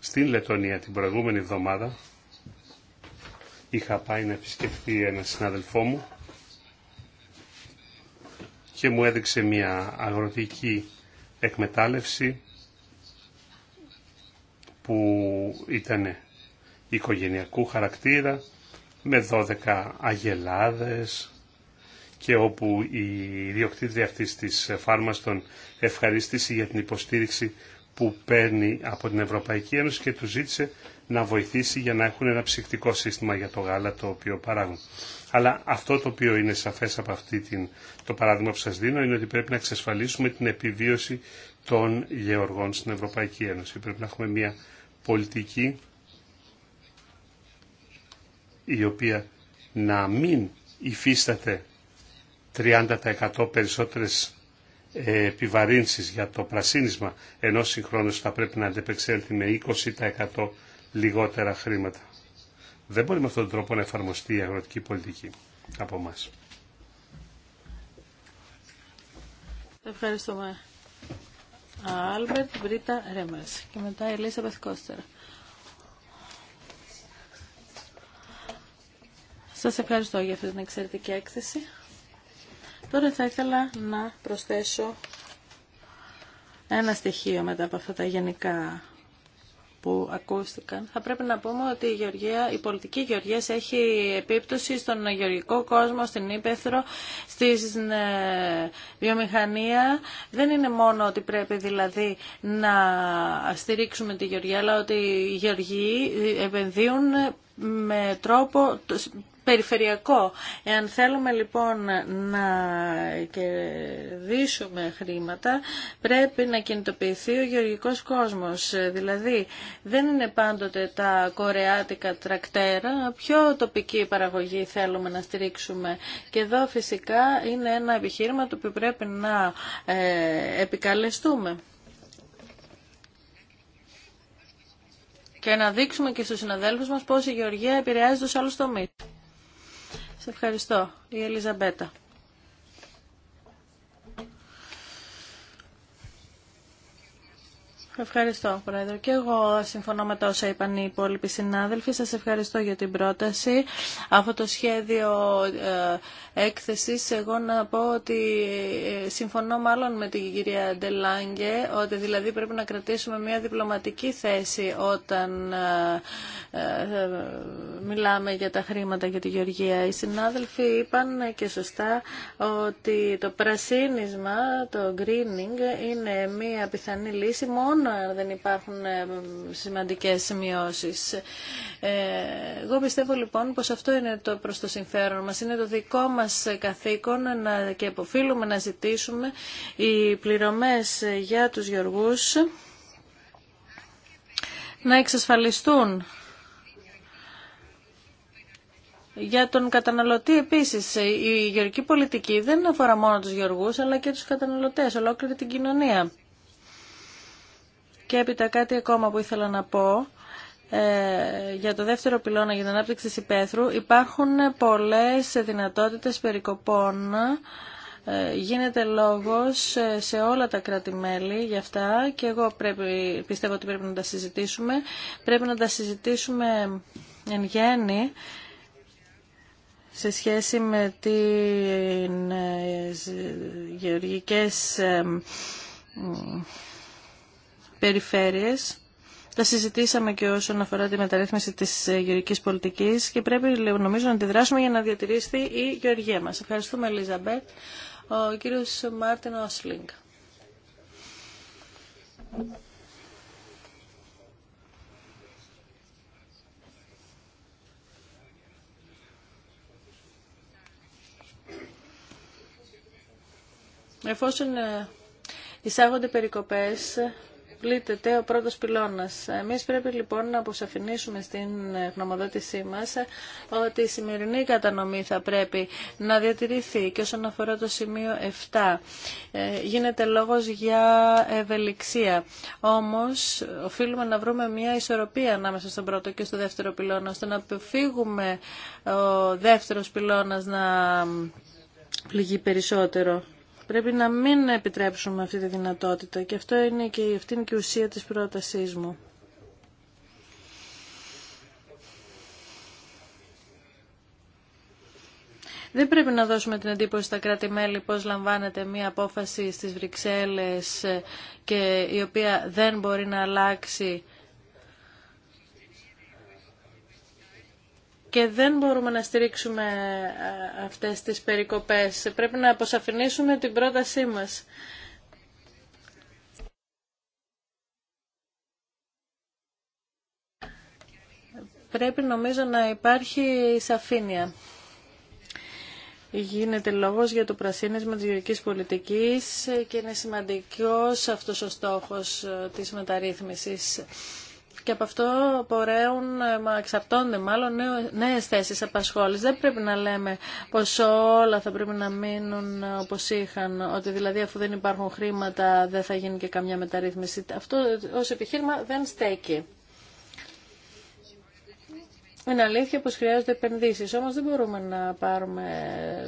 Στην Λετωνία την προηγούμενη εβδομάδα είχα πάει να επισκεφθεί ένα συνάδελφό μου και μου έδειξε μια αγροτική εκμετάλλευση που ήταν οικογενειακού χαρακτήρα με 12 αγελάδες και όπου η ιδιοκτήτρια αυτής της φάρμαστον τον ευχαρίστησε για την υποστήριξη που παίρνει από την Ευρωπαϊκή Ένωση και του ζήτησε να βοηθήσει για να έχουν ένα ψυχτικό σύστημα για το γάλα το οποίο παράγουν. Αλλά αυτό το οποίο είναι σαφές από αυτή την, το παράδειγμα που σας δίνω είναι ότι πρέπει να εξασφαλίσουμε την επιβίωση των γεωργών στην Ευρωπαϊκή Ένωση. Πρέπει να έχουμε μια πολιτική η οποία να μην υφίσταται 30% περισσότερες ε, επιβαρύνσεις για το πρασίνισμα, ενώ συγχρόνως θα πρέπει να αντεπεξέλθει με 20% λιγότερα χρήματα. Δεν μπορεί με αυτόν τον τρόπο να εφαρμοστεί η αγροτική πολιτική από εμά.
Ευχαριστούμε. Άλμπερτ Μπρίτα Ρέμερς και μετά η Ελίσσα Σας ευχαριστώ για αυτή την εξαιρετική έκθεση. Τώρα θα ήθελα να προσθέσω ένα στοιχείο μετά από αυτά τα γενικά που ακούστηκαν. Θα πρέπει να πούμε ότι η, η πολιτική γεωργίας έχει επίπτωση στον γεωργικό κόσμο, στην ύπεθρο, στη ε, βιομηχανία. Δεν είναι μόνο ότι πρέπει δηλαδή να στηρίξουμε τη γεωργία, αλλά ότι οι γεωργοί επενδύουν με τρόπο περιφερειακό. Εάν θέλουμε λοιπόν να κερδίσουμε χρήματα, πρέπει να κινητοποιηθεί ο γεωργικός κόσμος. Δηλαδή, δεν είναι πάντοτε τα κορεάτικα τρακτέρα, πιο τοπική παραγωγή θέλουμε να στηρίξουμε. Και εδώ φυσικά είναι ένα επιχείρημα το οποίο πρέπει να ε, επικαλεστούμε. και να δείξουμε και στους συναδέλφους μας πώς η Γεωργία επηρεάζει τους άλλους τομείς. Σε ευχαριστώ. Η Ελίζα Ευχαριστώ, Πρόεδρο. Και εγώ συμφωνώ με τα όσα είπαν οι υπόλοιποι συνάδελφοι. Σας ευχαριστώ για την πρόταση. Αυτό το σχέδιο ε, έκθεσης, εγώ να πω ότι ε, συμφωνώ μάλλον με την κυρία Ντελάνγκε, ότι δηλαδή πρέπει να κρατήσουμε μια διπλωματική θέση όταν ε, μιλάμε για τα χρήματα για τη Γεωργία. Οι συνάδελφοι είπαν και σωστά ότι το πρασίνισμα, το greening, είναι μια πιθανή λύση μόνο αν δεν υπάρχουν ε, σημαντικές σημειώσεις. Ε, εγώ πιστεύω λοιπόν πως αυτό είναι το προς το συμφέρον μας. Είναι το δικό μας καθήκον να, και αποφύλουμε να ζητήσουμε οι πληρωμές για τους γεωργούς να εξασφαλιστούν για τον καταναλωτή επίσης η γεωργική πολιτική δεν αφορά μόνο τους γεωργούς αλλά και τους καταναλωτές, ολόκληρη την κοινωνία. Και έπειτα κάτι ακόμα που ήθελα να πω ε, για το δεύτερο πυλώνα για την ανάπτυξη της υπαίθρου υπάρχουν πολλές δυνατότητες περικοπών ε, γίνεται λόγος ε, σε όλα τα κράτη-μέλη για αυτά και εγώ πιστεύω ότι πρέπει να τα συζητήσουμε πρέπει να τα συζητήσουμε εν γέννη σε σχέση με τις γεωργικές περιφέρειες. Τα συζητήσαμε και όσον αφορά τη μεταρρύθμιση της γεωργικής πολιτικής και πρέπει νομίζω να αντιδράσουμε για να διατηρήσει η γεωργία μας. Ευχαριστούμε Ελίζαμπετ. Ο κύριος Μάρτιν Όσλινγκ. Εφόσον ε, εισάγονται περικοπές πλήττεται ο πρώτος πυλώνας. Εμείς πρέπει λοιπόν να αποσαφηνίσουμε στην γνωμοδότησή μας ότι η σημερινή κατανομή θα πρέπει να διατηρηθεί και όσον αφορά το σημείο 7 ε, γίνεται λόγος για ευελιξία. Όμως οφείλουμε να βρούμε μια ισορροπία ανάμεσα στον πρώτο και στο δεύτερο πυλώνα ώστε να αποφύγουμε ο δεύτερος πυλώνας να πληγεί περισσότερο. Πρέπει να μην επιτρέψουμε αυτή τη δυνατότητα και αυτό είναι και αυτή είναι και η ουσία της πρότασής μου. Δεν πρέπει να δώσουμε την εντύπωση στα κράτη-μέλη πώς λαμβάνεται μία απόφαση στις Βρυξέλλες και η οποία δεν μπορεί να αλλάξει και δεν μπορούμε να στηρίξουμε ε, αυτές τις περικοπές. Πρέπει να αποσαφηνίσουμε την πρότασή μας. Πρέπει νομίζω να υπάρχει σαφήνεια. Γίνεται λόγος για το πρασίνισμα της γεωργικής πολιτικής και είναι σημαντικός αυτός ο στόχος ε, της μεταρρύθμισης και από αυτό πορέουν, ε, μα εξαρτώνται μάλλον νέες θέσεις απασχόληση. Δεν πρέπει να λέμε πω όλα θα πρέπει να μείνουν όπως είχαν, ότι δηλαδή αφού δεν υπάρχουν χρήματα δεν θα γίνει και καμιά μεταρρύθμιση. Αυτό ω επιχείρημα δεν στέκει είναι αλήθεια πως χρειάζονται επενδύσεις, όμως δεν μπορούμε να πάρουμε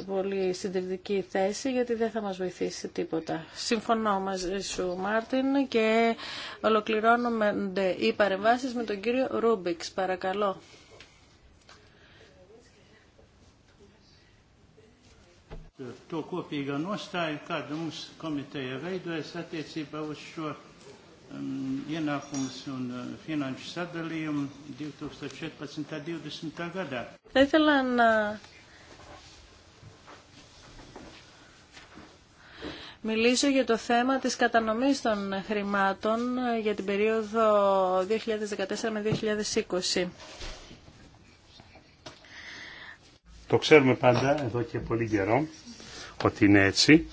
πολύ συντηρητική θέση γιατί δεν θα μας βοηθήσει τίποτα. Συμφωνώ μαζί σου Μάρτιν και ολοκληρώνονται οι παρεμβάσεις με τον κύριο Ρούμπιξ. Παρακαλώ
un finanšu sadalījumu 2014. gadā.
Θα ήθελα να μιλήσω για το θέμα της κατανομής των χρημάτων ε, για την περίοδο 2014 με 2020.
Το ξέρουμε πάντα εδώ και πολύ καιρό ότι είναι έτσι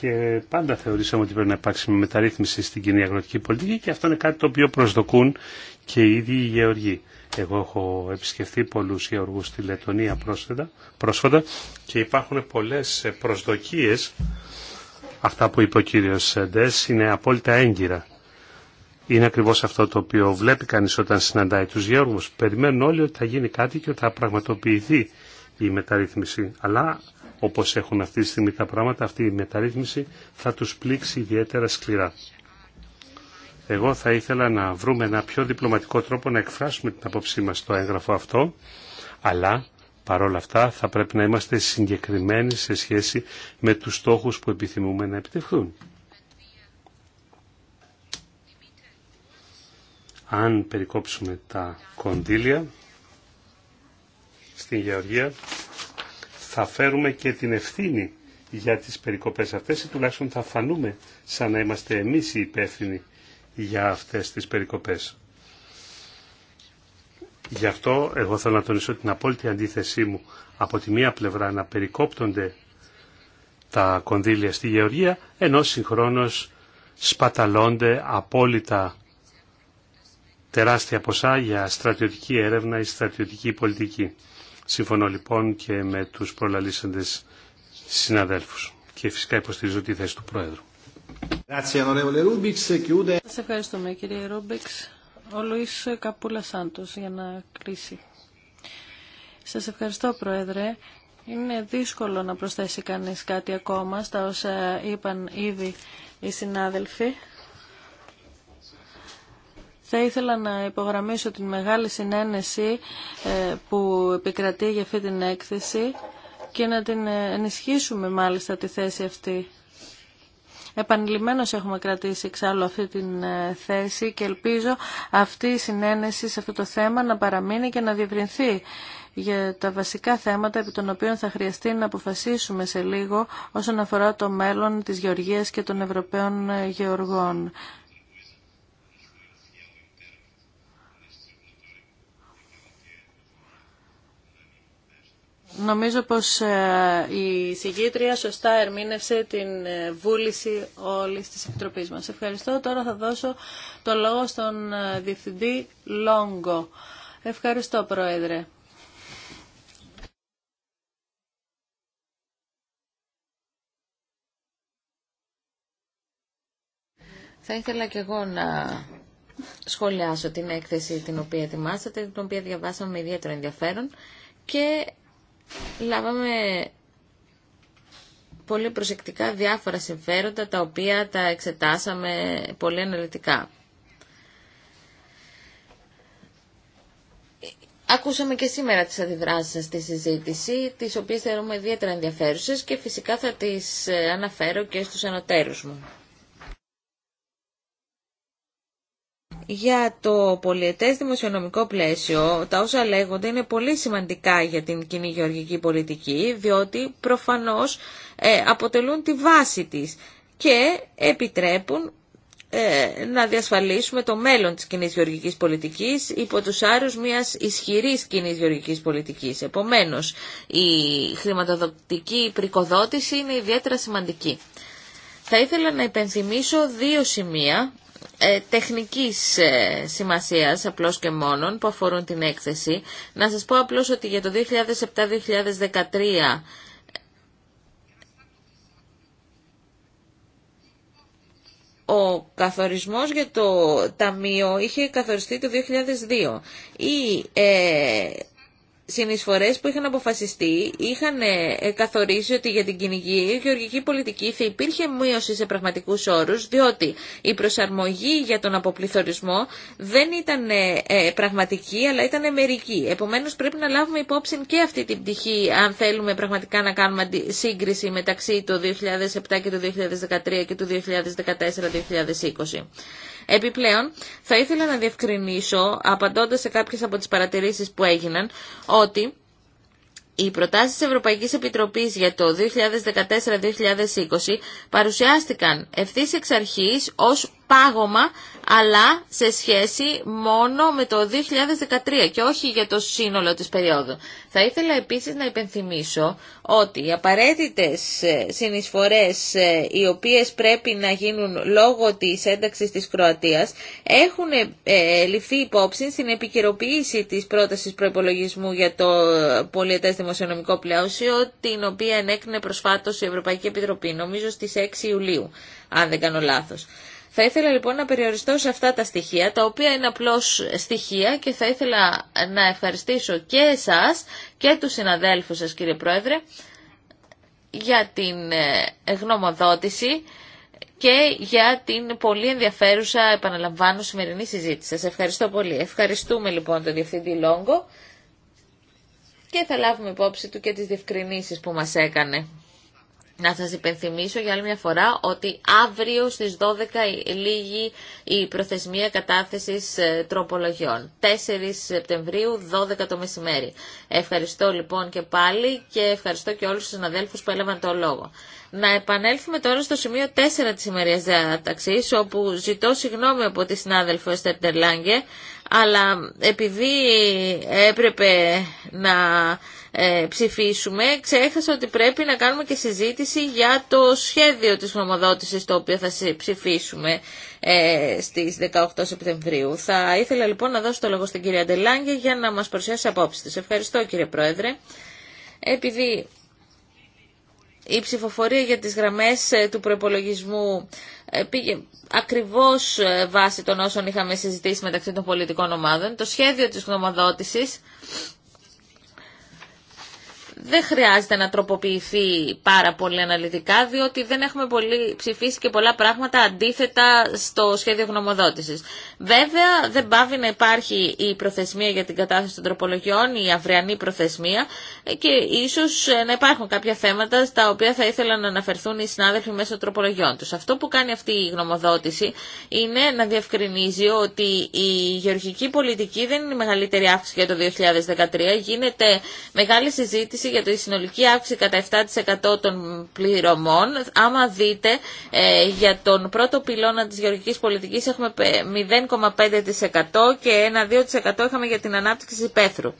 και πάντα θεωρήσαμε ότι πρέπει να υπάρξει μεταρρύθμιση στην κοινή αγροτική πολιτική και αυτό είναι κάτι το οποίο προσδοκούν και οι ίδιοι οι γεωργοί. Εγώ έχω επισκεφθεί πολλούς γεωργούς στη Λετωνία πρόσφατα, πρόσφατα και υπάρχουν πολλές προσδοκίες. Αυτά που είπε ο κύριος Ντες είναι απόλυτα έγκυρα. Είναι ακριβώς αυτό το οποίο βλέπει κανείς όταν συναντάει τους γεωργούς. Περιμένουν όλοι ότι θα γίνει κάτι και ότι θα πραγματοποιηθεί η μεταρρύθμιση. Αλλά όπως έχουν αυτή τη στιγμή τα πράγματα, αυτή η μεταρρύθμιση θα τους πλήξει ιδιαίτερα σκληρά. Εγώ θα ήθελα να βρούμε ένα πιο διπλωματικό τρόπο να εκφράσουμε την απόψή μας στο έγγραφο αυτό, αλλά παρόλα αυτά θα πρέπει να είμαστε συγκεκριμένοι σε σχέση με τους στόχους που επιθυμούμε να επιτευχθούν. Αν περικόψουμε τα κονδύλια στην Γεωργία, θα φέρουμε και την ευθύνη για τις περικοπές αυτές ή τουλάχιστον θα φανούμε σαν να είμαστε εμείς οι υπεύθυνοι για αυτές τις περικοπές. Γι' αυτό εγώ θέλω να τονίσω την απόλυτη αντίθεσή μου από τη μία πλευρά να περικόπτονται τα κονδύλια στη γεωργία ενώ συγχρόνως σπαταλώνται απόλυτα τεράστια ποσά για στρατιωτική έρευνα ή στρατιωτική πολιτική. Συμφωνώ λοιπόν και με τους προλαλήσαντες συναδέλφους και φυσικά υποστηρίζω τη θέση του Πρόεδρου.
Σας ευχαριστούμε κύριε Ρούμπιξ. Ο Λουίς Καπούλα Σάντος για να κλείσει. Σας ευχαριστώ Πρόεδρε. Είναι δύσκολο να προσθέσει κανείς κάτι ακόμα στα όσα είπαν ήδη οι συνάδελφοι. Θα ήθελα να υπογραμμίσω την μεγάλη συνένεση ε, που επικρατεί για αυτή την έκθεση και να την ε, ενισχύσουμε μάλιστα τη θέση αυτή. Επανειλημμένως έχουμε κρατήσει εξάλλου αυτή την ε, θέση και ελπίζω αυτή η συνένεση σε αυτό το θέμα να παραμείνει και να διευρυνθεί για τα βασικά θέματα επί των οποίων θα χρειαστεί να αποφασίσουμε σε λίγο όσον αφορά το μέλλον της γεωργίας και των Ευρωπαίων γεωργών. Νομίζω πως ε, η συγγήτρια σωστά ερμήνευσε την ε, βούληση όλης της Επιτροπής μας. Ευχαριστώ. Τώρα θα δώσω το λόγο στον ε, Διευθυντή Λόγκο. Ευχαριστώ, Πρόεδρε.
Θα ήθελα και εγώ να σχολιάσω την έκθεση την οποία ετοιμάσατε, την οποία διαβάσαμε με ιδιαίτερο ενδιαφέρον και λάβαμε πολύ προσεκτικά διάφορα συμφέροντα τα οποία τα εξετάσαμε πολύ αναλυτικά. Ακούσαμε και σήμερα τις αντιδράσεις σας στη συζήτηση, τις οποίες θεωρούμε ιδιαίτερα ενδιαφέρουσες και φυσικά θα τις ε, αναφέρω και στους ανωτέρους μου. για το πολιετές δημοσιονομικό πλαίσιο, τα όσα λέγονται είναι πολύ σημαντικά για την κοινή γεωργική πολιτική, διότι προφανώς ε, αποτελούν τη βάση της και επιτρέπουν ε, να διασφαλίσουμε το μέλλον της κοινή γεωργικής πολιτικής υπό τους άρους μιας ισχυρής κοινή γεωργικής πολιτικής. Επομένως, η χρηματοδοτική πρικοδότηση είναι ιδιαίτερα σημαντική. Θα ήθελα να υπενθυμίσω δύο σημεία ε, τεχνικής ε, σημασίας απλώς και μόνον που αφορούν την έκθεση. Να σας πω απλώς ότι για το 2007-2013 ο καθορισμός για το ταμείο είχε καθοριστεί το 2002. Η ε, συνεισφορές που είχαν αποφασιστεί είχαν ε, καθορίσει ότι για την κυνηγή η γεωργική πολιτική θα υπήρχε μείωση σε πραγματικούς όρους διότι η προσαρμογή για τον αποπληθωρισμό δεν ήταν ε, ε, πραγματική αλλά ήταν μερική. Επομένως πρέπει να λάβουμε υπόψη και αυτή την πτυχή αν θέλουμε πραγματικά να κάνουμε σύγκριση μεταξύ του 2007 και του 2013 και του 2014-2020. Επιπλέον, θα ήθελα να διευκρινίσω, απαντώντας σε κάποιες από τις παρατηρήσεις που έγιναν, ότι οι προτάσεις της Ευρωπαϊκής Επιτροπής για το 2014-2020 παρουσιάστηκαν ευθύς εξ αρχής ως πάγωμα αλλά σε σχέση μόνο με το 2013 και όχι για το σύνολο της περίοδου. Θα ήθελα επίσης να υπενθυμίσω ότι οι απαραίτητες ε, συνεισφορές ε, οι οποίες πρέπει να γίνουν λόγω της ένταξης της Κροατίας έχουν ε, ληφθεί υπόψη στην επικαιροποίηση της πρότασης προϋπολογισμού για το πολιετές δημοσιονομικό πλαίσιο την οποία ενέκρινε προσφάτως η Ευρωπαϊκή Επιτροπή νομίζω στις 6 Ιουλίου αν δεν κάνω λάθος. Θα ήθελα λοιπόν να περιοριστώ σε αυτά τα στοιχεία, τα οποία είναι απλώς στοιχεία και θα ήθελα να ευχαριστήσω και εσάς και τους συναδέλφους σας κύριε Πρόεδρε για την ε, γνωμοδότηση και για την πολύ ενδιαφέρουσα, επαναλαμβάνω, σημερινή συζήτηση. Σας ευχαριστώ πολύ. Ευχαριστούμε λοιπόν τον Διευθυντή Λόγκο και θα λάβουμε υπόψη του και τις διευκρινήσεις που μας έκανε. Να σας υπενθυμίσω για άλλη μια φορά ότι αύριο στις 12 λίγη η προθεσμία κατάθεσης ε, τροπολογιών. 4 Σεπτεμβρίου, 12 το μεσημέρι. Ευχαριστώ λοιπόν και πάλι και ευχαριστώ και όλους τους συναδέλφους που έλαβαν το λόγο. Να επανέλθουμε τώρα στο σημείο 4 της ημερίας διάταξης, όπου ζητώ συγγνώμη από τη συνάδελφο Λάγκε, αλλά επειδή έπρεπε να ε, ψηφίσουμε, ξέχασα ότι πρέπει να κάνουμε και συζήτηση για το σχέδιο της νομοδότησης το οποίο θα ψηφίσουμε ε, στις 18 Σεπτεμβρίου. Θα ήθελα λοιπόν να δώσω το λόγο στην κυρία Ντελάνγκη για να μας παρουσιάσει απόψεις της. Ευχαριστώ κύριε Πρόεδρε. Επειδή η ψηφοφορία για τις γραμμές ε, του προπολογισμού ε, πήγε ακριβώς βάσει των όσων είχαμε συζητήσει μεταξύ των πολιτικών ομάδων. Το σχέδιο της γνωμοδότησης δεν χρειάζεται να τροποποιηθεί πάρα πολύ αναλυτικά, διότι δεν έχουμε πολύ ψηφίσει και πολλά πράγματα αντίθετα στο σχέδιο γνωμοδότησης. Βέβαια δεν πάβει να υπάρχει η προθεσμία για την κατάσταση των τροπολογιών, η αυριανή προθεσμία ε, και ίσως ε, να υπάρχουν κάποια θέματα στα οποία θα ήθελαν να αναφερθούν οι συνάδελφοι μέσω τροπολογιών τους. Αυτό που κάνει αυτή η γνωμοδότηση είναι να διευκρινίζει ότι η γεωργική πολιτική δεν είναι η μεγαλύτερη αύξηση για το 2013. Γίνεται μεγάλη συζήτηση για τη συνολική αύξηση κατά 7% των πληρωμών. Άμα δείτε ε, για τον πρώτο πυλώνα της γεωργικής πολιτικής έχουμε 0,5% και ένα 2% είχαμε για την ανάπτυξη υπαίθρου.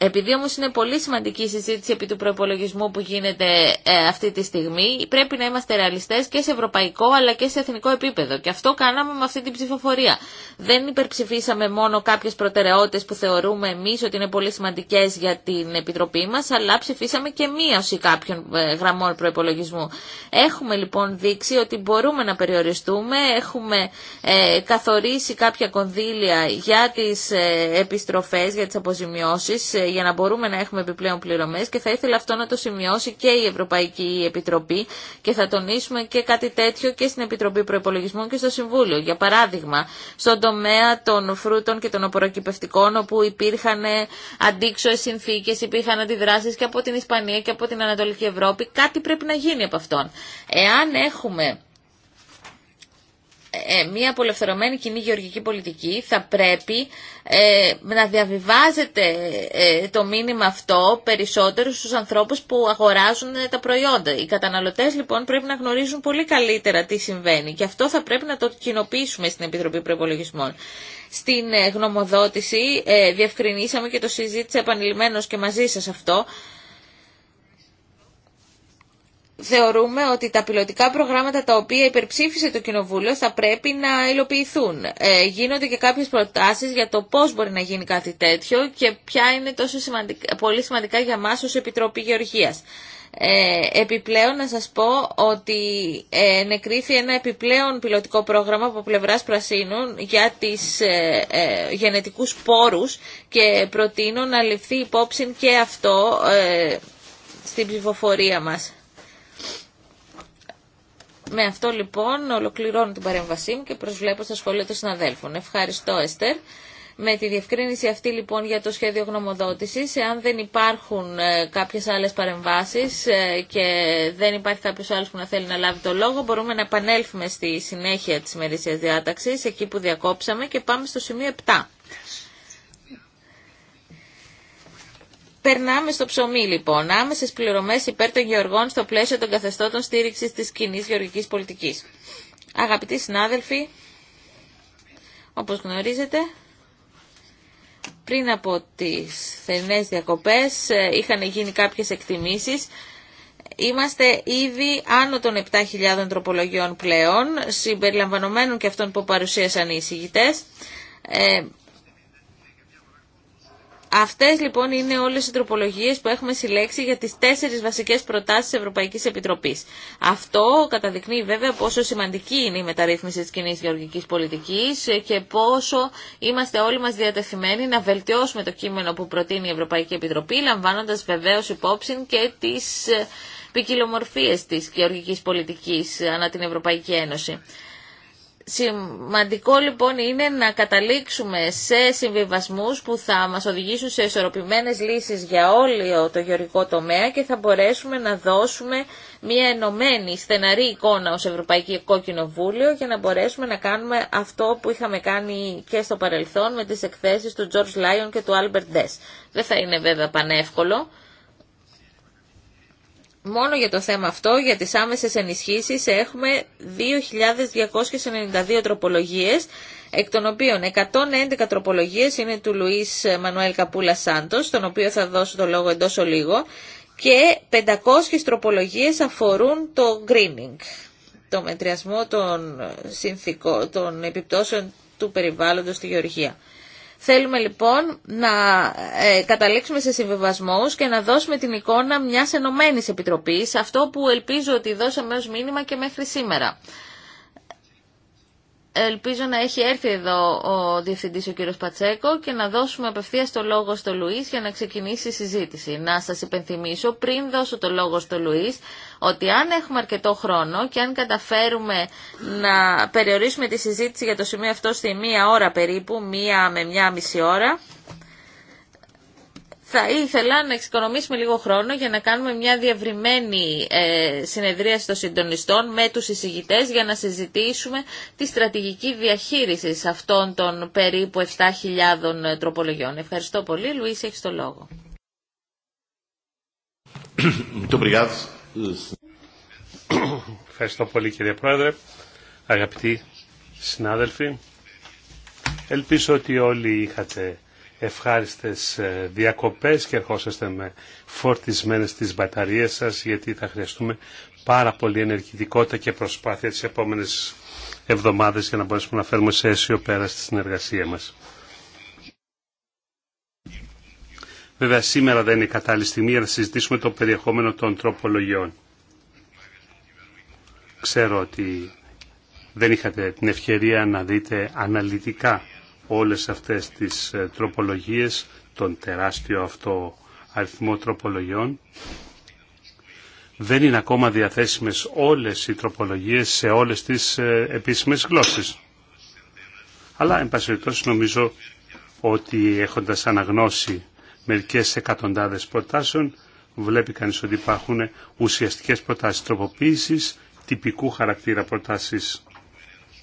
Επειδή όμως είναι πολύ σημαντική η συζήτηση επί του προπολογισμού που γίνεται ε, αυτή τη στιγμή, πρέπει να είμαστε ρεαλιστές και σε ευρωπαϊκό αλλά και σε εθνικό επίπεδο. Και αυτό κάναμε με αυτή την ψηφοφορία. Δεν υπερψηφίσαμε μόνο κάποιες προτεραιότητες που θεωρούμε εμείς ότι είναι πολύ σημαντικές για την Επιτροπή μας, αλλά ψηφίσαμε και μείωση κάποιων ε, γραμμών προπολογισμού. Έχουμε λοιπόν δείξει ότι μπορούμε να περιοριστούμε, έχουμε ε, καθορίσει κάποια κονδύλια για τις ε, επιστροφές, για τις αποζημιώσεις, ε, για να μπορούμε να έχουμε επιπλέον πληρωμές και θα ήθελα αυτό να το σημειώσει και η Ευρωπαϊκή Επιτροπή και θα τονίσουμε και κάτι τέτοιο και στην Επιτροπή Προπολογισμών και στο Συμβούλιο. Για παράδειγμα, στον τομέα των φρούτων και των απορροκυπευτικών όπου υπήρχαν αντίξωες συνθήκες, υπήρχαν αντιδράσεις και από την Ισπανία και από την Ανατολική Ευρώπη, κάτι πρέπει να γίνει από αυτόν. Εάν έχουμε ε, ε, μια απολευθερωμένη κοινή γεωργική πολιτική θα πρέπει ε, να διαβιβάζεται ε, το μήνυμα αυτό περισσότερο στους ανθρώπους που αγοράζουν τα προϊόντα. Οι καταναλωτές λοιπόν πρέπει να γνωρίζουν πολύ καλύτερα τι συμβαίνει και αυτό θα πρέπει να το κοινοποιήσουμε στην Επιτροπή Προπολογισμών. Στην γνωμοδότηση ε, διευκρινίσαμε και το συζήτησα επανειλημμένως και μαζί σας αυτό θεωρούμε ότι τα πιλωτικά προγράμματα τα οποία υπερψήφισε το Κοινοβούλιο θα πρέπει να υλοποιηθούν. Ε, γίνονται και κάποιες προτάσεις για το πώς μπορεί να γίνει κάτι τέτοιο και ποια είναι τόσο πολύ σημαντικά για μας ως Επιτροπή Γεωργίας. Ε, επιπλέον να σας πω ότι ε, νεκρήθη ένα επιπλέον πιλωτικό πρόγραμμα από πλευράς Πρασίνων για τις ε, ε, γενετικούς πόρους και προτείνω να ληφθεί υπόψη και αυτό ε, στην ψηφοφορία μας. Με αυτό λοιπόν ολοκληρώνω την παρέμβασή μου και προσβλέπω στα σχόλια των συναδέλφων. Ευχαριστώ Έστερ. Με τη διευκρίνηση αυτή λοιπόν για το σχέδιο γνωμοδότησης, εάν δεν υπάρχουν ε, κάποιες άλλες παρεμβάσεις ε, και δεν υπάρχει κάποιος άλλος που να θέλει να λάβει το λόγο, μπορούμε να επανέλθουμε στη συνέχεια της μερίσιας διάταξης, εκεί που διακόψαμε και πάμε στο σημείο 7. Περνάμε στο ψωμί λοιπόν. Άμεσε πληρωμέ υπέρ των γεωργών στο πλαίσιο των καθεστώτων στήριξη τη κοινή γεωργική πολιτική. Αγαπητοί συνάδελφοι, όπω γνωρίζετε, πριν από τι θερινέ διακοπέ, ε, είχαν γίνει κάποιε εκτιμήσει. Είμαστε ήδη άνω των 7.000 τροπολογιών πλέον, συμπεριλαμβανομένων και αυτών που παρουσίασαν οι εισηγητές. Ε, Αυτές λοιπόν είναι όλες οι τροπολογίες που έχουμε συλλέξει για τις τέσσερις βασικές προτάσεις της Ευρωπαϊκής Επιτροπής. Αυτό καταδεικνύει βέβαια πόσο σημαντική είναι η μεταρρύθμιση της κοινή γεωργικής πολιτικής και πόσο είμαστε όλοι μας διατεθειμένοι να βελτιώσουμε το κείμενο που προτείνει η Ευρωπαϊκή Επιτροπή, λαμβάνοντας βεβαίως υπόψη και τις ποικιλομορφίε της γεωργικής πολιτικής ανά την Ευρωπαϊκή Ένωση. Σημαντικό λοιπόν είναι να καταλήξουμε σε συμβιβασμούς που θα μας οδηγήσουν σε ισορροπημένες λύσεις για όλο το γεωργικό τομέα και θα μπορέσουμε να δώσουμε μια ενωμένη στεναρή εικόνα ως Ευρωπαϊκό Βούλιο για να μπορέσουμε να κάνουμε αυτό που είχαμε κάνει και στο παρελθόν με τις εκθέσεις του George Lyon και του Albert Dess. Δεν θα είναι βέβαια πανεύκολο μόνο για το θέμα αυτό, για τις άμεσες ενισχύσεις, έχουμε 2.292 τροπολογίες, εκ των οποίων 111 τροπολογίες είναι του Λουίς Μανουέλ Καπούλα Σάντος, τον οποίο θα δώσω το λόγο εντός ολίγο, και 500 τροπολογίες αφορούν το greening, το μετριασμό των, συνθηκών, των επιπτώσεων του περιβάλλοντος στη Γεωργία. Θέλουμε λοιπόν να ε, καταλήξουμε σε συμβιβασμούς και να δώσουμε την εικόνα μιας ενωμένης επιτροπής, αυτό που ελπίζω ότι δώσαμε ως μήνυμα και μέχρι σήμερα. Ελπίζω να έχει έρθει εδώ ο Διευθυντής ο κύριος Πατσέκο και να δώσουμε απευθεία το λόγο στο Λουίς για να ξεκινήσει η συζήτηση. Να σας υπενθυμίσω πριν δώσω το λόγο στο Λουίς ότι αν έχουμε αρκετό χρόνο και αν καταφέρουμε να περιορίσουμε τη συζήτηση για το σημείο αυτό στη μία ώρα περίπου, μία με μία μισή ώρα, θα ήθελα να εξοικονομήσουμε λίγο χρόνο για να κάνουμε μια διευρυμένη ε, συνεδρίαση των συντονιστών με τους εισηγητές για να συζητήσουμε τη στρατηγική διαχείριση αυτών των περίπου 7.000 τροπολογιών. Ευχαριστώ πολύ. Λουίς, έχεις το λόγο.
Ευχαριστώ πολύ κύριε Πρόεδρε, αγαπητοί συνάδελφοι. Ελπίζω ότι όλοι είχατε ευχάριστες ε, διακοπές και ερχόσαστε με φορτισμένες τις μπαταρίες σας γιατί θα χρειαστούμε πάρα πολύ ενεργητικότητα και προσπάθεια τις επόμενες εβδομάδες για να μπορέσουμε να φέρουμε σε αίσιο πέρα στη συνεργασία μας. Βέβαια σήμερα δεν είναι η κατάλληλη στιγμή για να συζητήσουμε το περιεχόμενο των τροπολογιών. Ξέρω ότι δεν είχατε την ευκαιρία να δείτε αναλυτικά όλες αυτές τις ε, τροπολογίες, τον τεράστιο αυτό αριθμό τροπολογιών. Δεν είναι ακόμα διαθέσιμες όλες οι τροπολογίες σε όλες τις ε, επίσημες γλώσσες. Αλλά, εν πάση νομίζω ότι έχοντας αναγνώσει μερικές εκατοντάδες προτάσεων, βλέπει κανείς ότι υπάρχουν ουσιαστικές προτάσεις τροποποίησης, τυπικού χαρακτήρα προτάσεις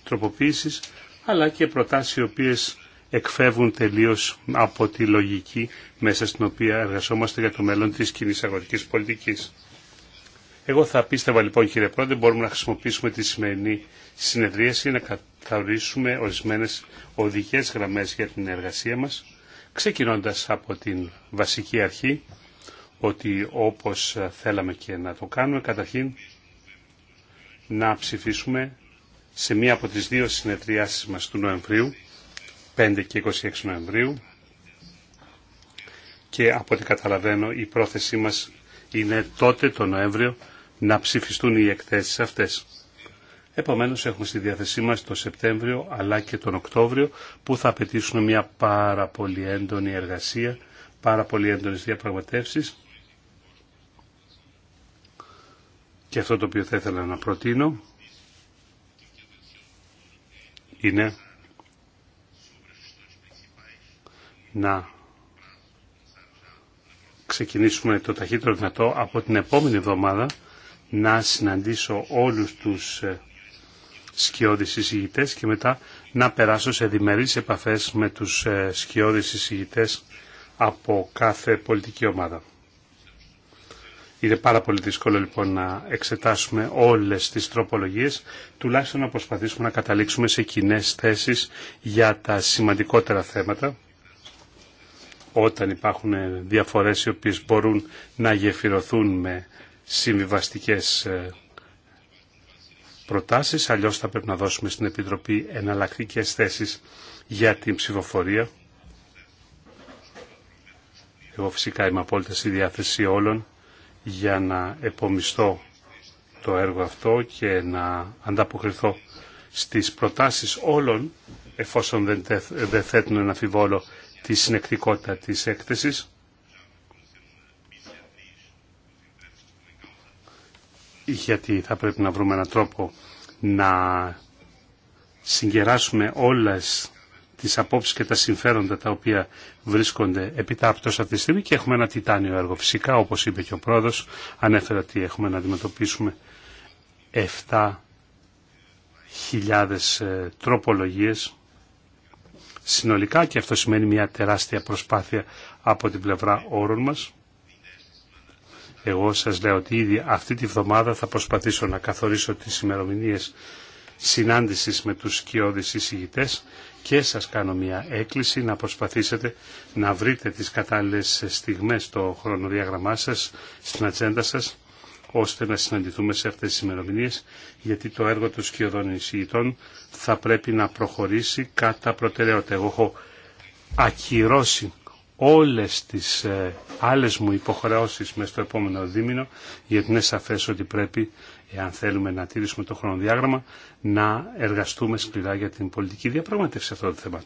τροποποίησης, αλλά και προτάσεις οι οποίες εκφεύγουν τελείως από τη λογική μέσα στην οποία εργαζόμαστε για το μέλλον της κοινή αγροτικής πολιτικής. Εγώ θα πίστευα λοιπόν κύριε Πρόεδρε, μπορούμε να χρησιμοποιήσουμε τη σημερινή συνεδρίαση να καθορίσουμε ορισμένες οδικές γραμμές για την εργασία μας, ξεκινώντας από την βασική αρχή, ότι όπως θέλαμε και να το κάνουμε, καταρχήν να ψηφίσουμε σε μία από τις δύο συνεδριάσεις μας του Νοεμβρίου, 5 και 26 Νοεμβρίου, και από ό,τι καταλαβαίνω η πρόθεσή μας είναι τότε το Νοέμβριο να ψηφιστούν οι εκθέσεις αυτές. Επομένως έχουμε στη διάθεσή μας το Σεπτέμβριο αλλά και τον Οκτώβριο που θα απαιτήσουν μια πάρα πολύ έντονη εργασία, πάρα πολύ έντονες διαπραγματεύσεις και αυτό το οποίο θα ήθελα να προτείνω είναι να ξεκινήσουμε το ταχύτερο δυνατό από την επόμενη εβδομάδα να συναντήσω όλους τους ε, σκιώδεις εισηγητές και μετά να περάσω σε διμερείς επαφές με τους ε, σκιώδεις εισηγητές από κάθε πολιτική ομάδα. Είναι πάρα πολύ δύσκολο λοιπόν να εξετάσουμε όλες τις τροπολογίες, τουλάχιστον να προσπαθήσουμε να καταλήξουμε σε κοινέ θέσεις για τα σημαντικότερα θέματα, όταν υπάρχουν διαφορές οι οποίες μπορούν να γεφυρωθούν με συμβιβαστικές ε, προτάσεις, αλλιώς θα πρέπει να δώσουμε στην Επιτροπή εναλλακτικέ θέσεις για την ψηφοφορία. Εγώ φυσικά είμαι απόλυτα στη διάθεση όλων για να επομιστώ το έργο αυτό και να ανταποκριθώ στις προτάσεις όλων εφόσον δεν, τεθ, δεν θέτουν ένα αφιβόλω τη συνεκτικότητα της έκθεσης. γιατί θα πρέπει να βρούμε έναν τρόπο να συγκεράσουμε όλες τις απόψεις και τα συμφέροντα τα οποία βρίσκονται επιτάπτως αυτή τη στιγμή και έχουμε ένα τιτάνιο έργο. Φυσικά, όπως είπε και ο πρόεδρος, ανέφερα ότι έχουμε να αντιμετωπίσουμε 7.000 ε, τροπολογίες συνολικά και αυτό σημαίνει μια τεράστια προσπάθεια από την πλευρά όρων μας. Εγώ σας λέω ότι ήδη αυτή τη βδομάδα θα προσπαθήσω να καθορίσω τις ημερομηνίε συνάντησης με τους σκιώδεις εισηγητές και σας κάνω μια έκκληση να προσπαθήσετε να βρείτε τις κατάλληλες στιγμές στο χρονοδιάγραμμά σας, στην ατζέντα σας, ώστε να συναντηθούμε σε αυτές τις ημερομηνίε, γιατί το έργο των σκιωδών εισηγητών θα πρέπει να προχωρήσει κατά προτεραιότητα. Εγώ έχω ακυρώσει όλες τις ε, άλλες μου υποχρεώσεις μέσα στο επόμενο δίμηνο, γιατί είναι σαφές ότι πρέπει εάν θέλουμε να τηρήσουμε το χρονοδιάγραμμα, να εργαστούμε σκληρά για την πολιτική διαπραγματεύση αυτό το θέμα.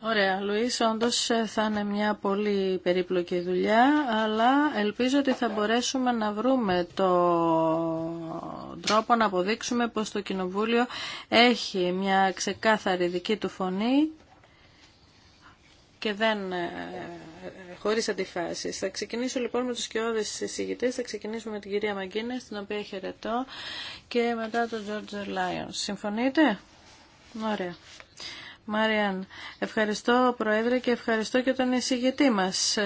Ωραία, Λουίς, όντω ε, θα είναι μια πολύ περίπλοκη δουλειά, αλλά ελπίζω ότι θα μπορέσουμε να βρούμε το τρόπο να αποδείξουμε πως το Κοινοβούλιο έχει μια ξεκάθαρη δική του φωνή και δεν ε, χωρίς αντιφάσει. Θα ξεκινήσω λοιπόν με τους κοιόδες εισηγητές. Θα ξεκινήσουμε με την κυρία Μαγκίνες, την οποία χαιρετώ, και μετά τον Τζόρτζο Λάιον. Συμφωνείτε? Ωραία. Μάριαν, ευχαριστώ Πρόεδρε και ευχαριστώ και τον εισηγητή μας.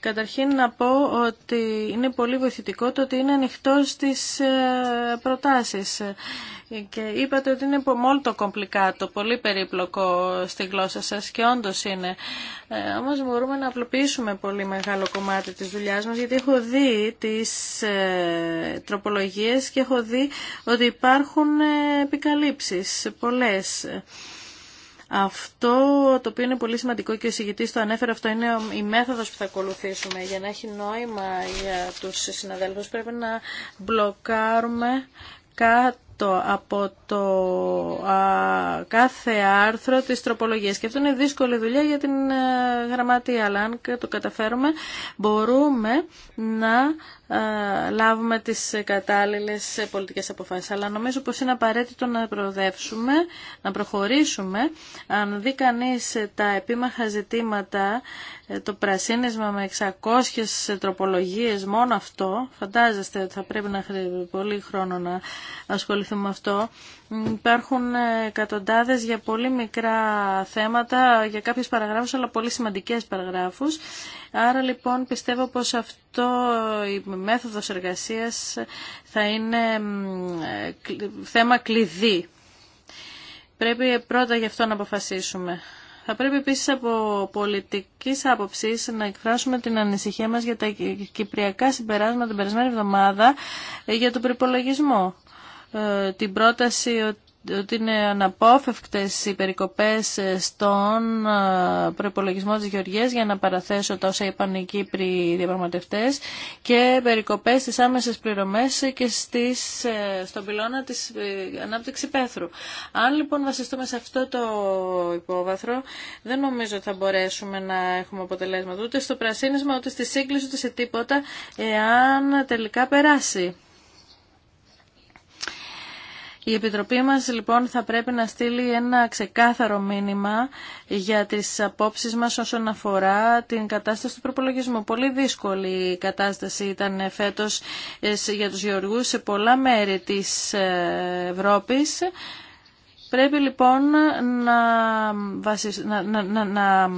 Καταρχήν να πω ότι είναι πολύ βοηθητικό το ότι είναι ανοιχτό στις ε, προτάσεις και είπατε ότι είναι πολύ το πολύ περίπλοκο στη γλώσσα σας και όντως είναι. Ε, όμως μπορούμε να απλοποιήσουμε πολύ μεγάλο κομμάτι της δουλειάς μας γιατί έχω δει τις ε, τροπολογίες και έχω δει ότι υπάρχουν ε, επικαλύψεις πολλές. Αυτό το οποίο είναι πολύ σημαντικό και ο συγητής το ανέφερε, αυτό είναι η μέθοδος που θα ακολουθήσουμε. Για να έχει νόημα για τους συναδέλφους πρέπει να μπλοκάρουμε κάτι από το κάθε άρθρο της τροπολογίας. Και αυτό είναι δύσκολη δουλειά για την ε, γραμματεία, αλλά αν το καταφέρουμε μπορούμε να λάβουμε τις κατάλληλες πολιτικές αποφάσεις. Αλλά νομίζω πως είναι απαραίτητο να προοδεύσουμε, να προχωρήσουμε. Αν δει κανεί τα επίμαχα ζητήματα, ε, το πρασίνισμα με 600 τροπολογίες, μόνο αυτό, φαντάζεστε ότι θα πρέπει να χρειάζεται πολύ χρόνο να ασχοληθούμε με αυτό, Υπάρχουν ε, εκατοντάδες για πολύ μικρά θέματα, για κάποιες παραγράφους, αλλά πολύ σημαντικές παραγράφους. Άρα λοιπόν πιστεύω πως αυτό η μέθοδος εργασίας θα είναι θέμα κλειδί. Πρέπει πρώτα γι' αυτό να αποφασίσουμε. Θα πρέπει επίσης από πολιτικής άποψης να εκφράσουμε την ανησυχία μας για τα κυπριακά συμπεράσματα την περασμένη εβδομάδα ε, για τον προπολογισμό. Ε, την πρόταση ότι είναι αναπόφευκτες οι περικοπές στον ε, προπολογισμό της Γεωργίας για να παραθέσω τα όσα είπαν οι Κύπροι διαπραγματευτές και περικοπές στις άμεσες πληρωμές και στις, ε, στον πυλώνα της ανάπτυξη πέθρου. Αν λοιπόν βασιστούμε σε αυτό το υπόβαθρο δεν νομίζω ότι θα μπορέσουμε να έχουμε αποτελέσματα ούτε στο πρασίνισμα ούτε στη σύγκληση ούτε σε τίποτα εάν τελικά περάσει. Η Επιτροπή μας λοιπόν θα πρέπει να στείλει ένα ξεκάθαρο μήνυμα για τις απόψεις μας όσον αφορά την κατάσταση του προπολογισμού. Πολύ δύσκολη η κατάσταση ήταν φέτος ε, για τους γεωργούς σε πολλά μέρη της ε, Ευρώπης. Πρέπει λοιπόν να, να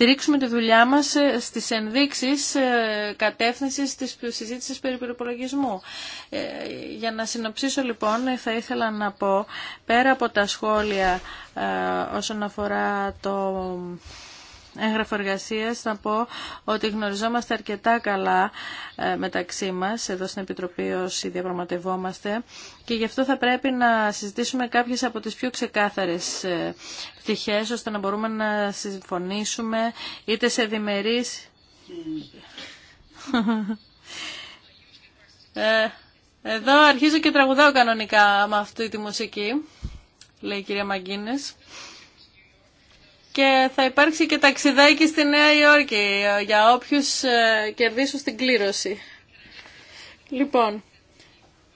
στηρίξουμε τη δουλειά μας ε, στις ενδείξεις ε, κατεύθυνσης της συζήτησης περί περιπολογισμού ε, Για να συνοψίσω λοιπόν θα ήθελα να πω πέρα από τα σχόλια όσον αφορά το έγγραφο εργασία να πω ότι γνωριζόμαστε αρκετά καλά ε, μεταξύ μας εδώ στην Επιτροπή όσοι διαπραγματευόμαστε και γι' αυτό θα πρέπει να συζητήσουμε κάποιες από τις πιο ξεκάθαρες ε, πτυχές ώστε να μπορούμε να συμφωνήσουμε είτε σε διμερείς ε, εδώ αρχίζω και τραγουδάω κανονικά με αυτή τη μουσική, λέει η κυρία Μαγκίνες και θα υπάρξει και ταξιδάκι στη Νέα Υόρκη ε, για όποιους ε, κερδίσουν στην κλήρωση. Λοιπόν,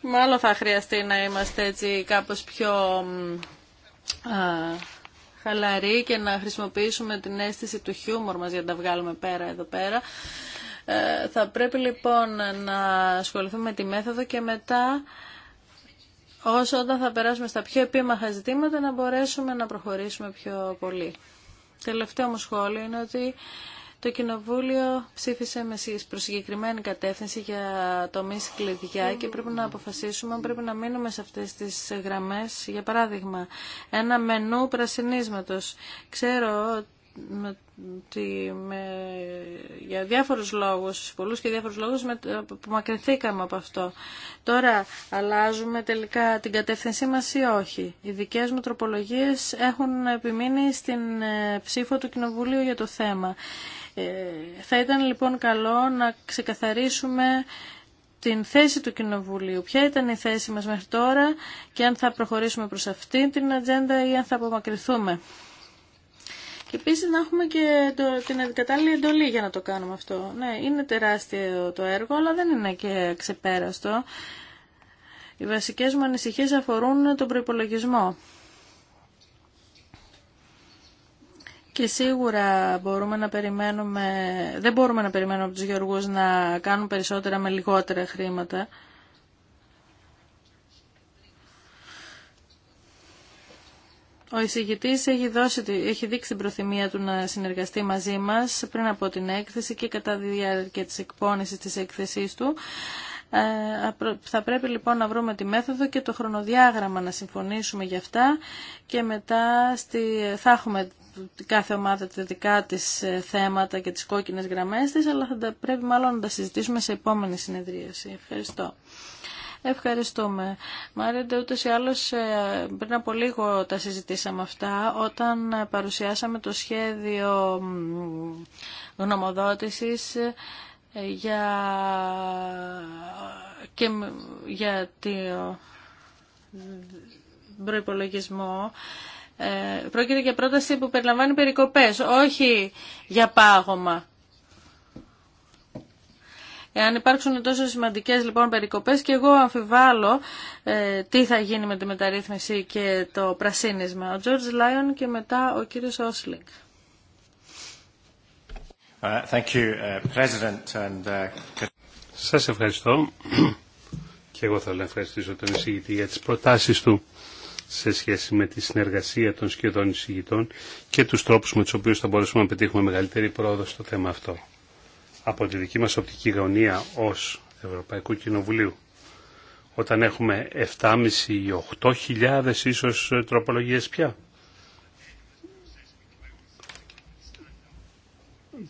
μάλλον θα χρειαστεί να είμαστε έτσι κάπως πιο χαλαροί και να χρησιμοποιήσουμε την αίσθηση του χιούμορ μας για να τα βγάλουμε πέρα εδώ πέρα. Ε, θα πρέπει λοιπόν να ασχοληθούμε με τη μέθοδο και μετά όσο όταν θα περάσουμε στα πιο επίμαχα ζητήματα να μπορέσουμε να προχωρήσουμε πιο πολύ. Τελευταίο μου σχόλιο είναι ότι το Κοινοβούλιο ψήφισε με συγκεκριμένη κατεύθυνση για το τομεί κλειδιά και πρέπει να αποφασίσουμε αν πρέπει να μείνουμε σε αυτέ τι γραμμέ. Για παράδειγμα, ένα μενού πρασινίσματο. Ξέρω ότι με, για διάφορους λόγους, πολλούς και διάφορους λόγους με, απομακρυνθήκαμε από αυτό. Τώρα αλλάζουμε τελικά την κατεύθυνσή μας ή όχι. Οι δικές μου τροπολογίες έχουν επιμείνει στην ε, ψήφο του Κοινοβουλίου για το θέμα. Ε, θα ήταν λοιπόν καλό να ξεκαθαρίσουμε την θέση του Κοινοβουλίου. Ποια ήταν η θέση μας μέχρι τώρα και αν θα προχωρήσουμε προς αυτή την ατζέντα ή αν θα απομακρυνθούμε. Και επίσης να έχουμε και το, την κατάλληλη εντολή για να το κάνουμε αυτό. Ναι, είναι τεράστιο το έργο, αλλά δεν είναι και ξεπέραστο. Οι βασικές μου ανησυχίες αφορούν τον προϋπολογισμό. Και σίγουρα μπορούμε να περιμένουμε, δεν μπορούμε να περιμένουμε από τους γεωργούς να κάνουν περισσότερα με λιγότερα χρήματα. Ο εισηγητή έχει, έχει δείξει την προθυμία του να συνεργαστεί μαζί μας πριν από την έκθεση και κατά τη διάρκεια της εκπόνηση της έκθεσή του. Ε, θα πρέπει λοιπόν να βρούμε τη μέθοδο και το χρονοδιάγραμμα να συμφωνήσουμε για αυτά και μετά στη... θα έχουμε κάθε ομάδα τα δικά της ε, θέματα και τις κόκκινες γραμμές της αλλά θα πρέπει μάλλον να τα συζητήσουμε σε επόμενη συνεδρίαση. Ευχαριστώ. Ευχαριστούμε. Μάρεντε, ούτε ή άλλω, ε, πριν από λίγο τα συζητήσαμε αυτά όταν ε, παρουσιάσαμε το σχέδιο γνωμοδότησης ε, για, και για τον Ε, πρόκειται για πρόταση που περιλαμβάνει περικοπές, όχι για πάγωμα. Εάν υπάρξουν τόσο σημαντικές λοιπόν περικοπές και εγώ αμφιβάλλω ε, τι θα γίνει με τη μεταρρύθμιση και το πρασίνισμα. Ο George Λάιον και μετά ο κύριος Όσλινγκ.
Uh, thank uh, uh, Σας ευχαριστώ και εγώ θέλω να ευχαριστήσω τον εισηγητή για τις προτάσεις του σε σχέση με τη συνεργασία των σχεδόν εισηγητών και τους τρόπους με τους οποίους θα μπορέσουμε να πετύχουμε μεγαλύτερη πρόοδο στο θέμα αυτό από τη δική μας οπτική γωνία ως Ευρωπαϊκού Κοινοβουλίου όταν έχουμε 7,5 ή 8.000 ίσως τροπολογίες πια.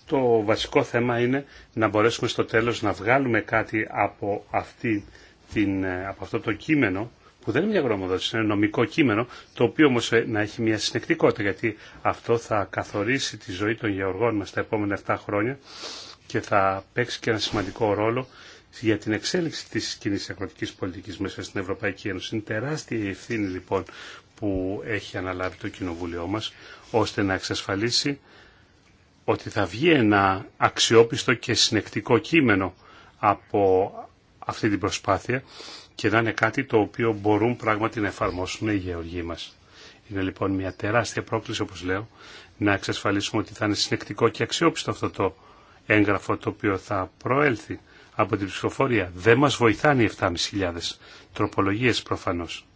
Το βασικό θέμα είναι να μπορέσουμε στο τέλος να βγάλουμε κάτι από, αυτή την, από αυτό το κείμενο που δεν είναι μια γνωμοδότηση, είναι ένα νομικό κείμενο, το οποίο όμως ε, να έχει μια συνεκτικότητα, γιατί αυτό θα καθορίσει τη ζωή των γεωργών μας τα επόμενα 7 χρόνια και θα παίξει και ένα σημαντικό ρόλο για την εξέλιξη της κοινή αγροτικής πολιτικής μέσα στην Ευρωπαϊκή Ένωση. Είναι τεράστια η ευθύνη λοιπόν που έχει αναλάβει το Κοινοβούλιο μας ώστε να εξασφαλίσει ότι θα βγει ένα αξιόπιστο και συνεκτικό κείμενο από αυτή την προσπάθεια και να είναι κάτι το οποίο μπορούν πράγματι να εφαρμόσουν οι γεωργοί μας. Είναι λοιπόν μια τεράστια πρόκληση, όπως λέω, να εξασφαλίσουμε ότι θα είναι συνεκτικό και αξιόπιστο αυτό το έγγραφο το οποίο θα προέλθει από την ψηφοφορία. Δεν μας βοηθάνε οι 7.500 τροπολογίες προφανώς.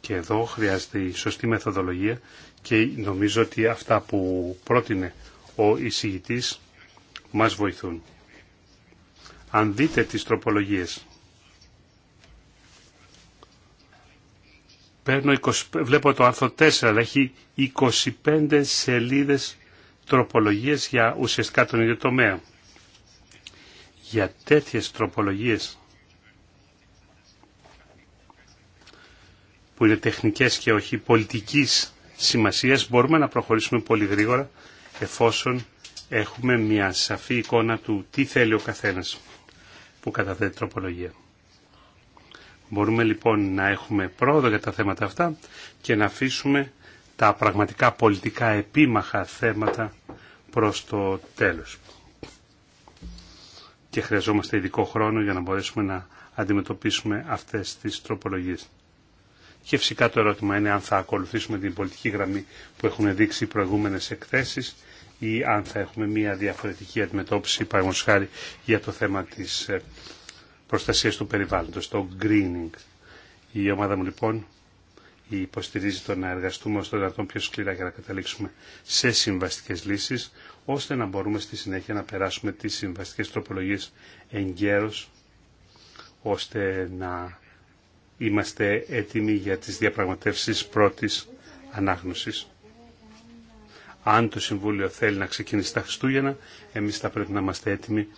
Και εδώ χρειάζεται η σωστή μεθοδολογία και νομίζω ότι αυτά που πρότεινε ο εισηγητής μας βοηθούν. Αν δείτε τις τροπολογίες, βλέπω το άρθρο 4, αλλά έχει 25 σελίδες τροπολογίες για ουσιαστικά τον ίδιο τομέα. Για τέτοιες τροπολογίες που είναι τεχνικές και όχι πολιτικής σημασίας μπορούμε να προχωρήσουμε πολύ γρήγορα εφόσον έχουμε μια σαφή εικόνα του τι θέλει ο καθένας που καταθέτει τροπολογία. Μπορούμε λοιπόν να έχουμε πρόοδο για τα θέματα αυτά και να αφήσουμε τα πραγματικά πολιτικά επίμαχα θέματα προς το τέλος. Και χρειαζόμαστε ειδικό χρόνο για να μπορέσουμε να αντιμετωπίσουμε αυτές τις τροπολογίες. Και φυσικά το ερώτημα είναι αν θα ακολουθήσουμε την πολιτική γραμμή που έχουν δείξει οι προηγούμενες εκθέσεις ή αν θα έχουμε μια διαφορετική αντιμετώπιση χάρη για το θέμα της ε, προστασίας του περιβάλλοντος, το greening. Η ομάδα μου λοιπόν υποστηρίζει το να εργαστούμε ως το δυνατόν πιο σκληρά για να καταλήξουμε σε συμβαστικές λύσεις, ώστε να μπορούμε στη συνέχεια να περάσουμε τις συμβαστικές τροπολογίες εγκαίρως, ώστε να είμαστε έτοιμοι για τις διαπραγματεύσεις πρώτης ανάγνωσης. Αν το Συμβούλιο θέλει να ξεκινήσει τα Χριστούγεννα, εμείς θα πρέπει να είμαστε έτοιμοι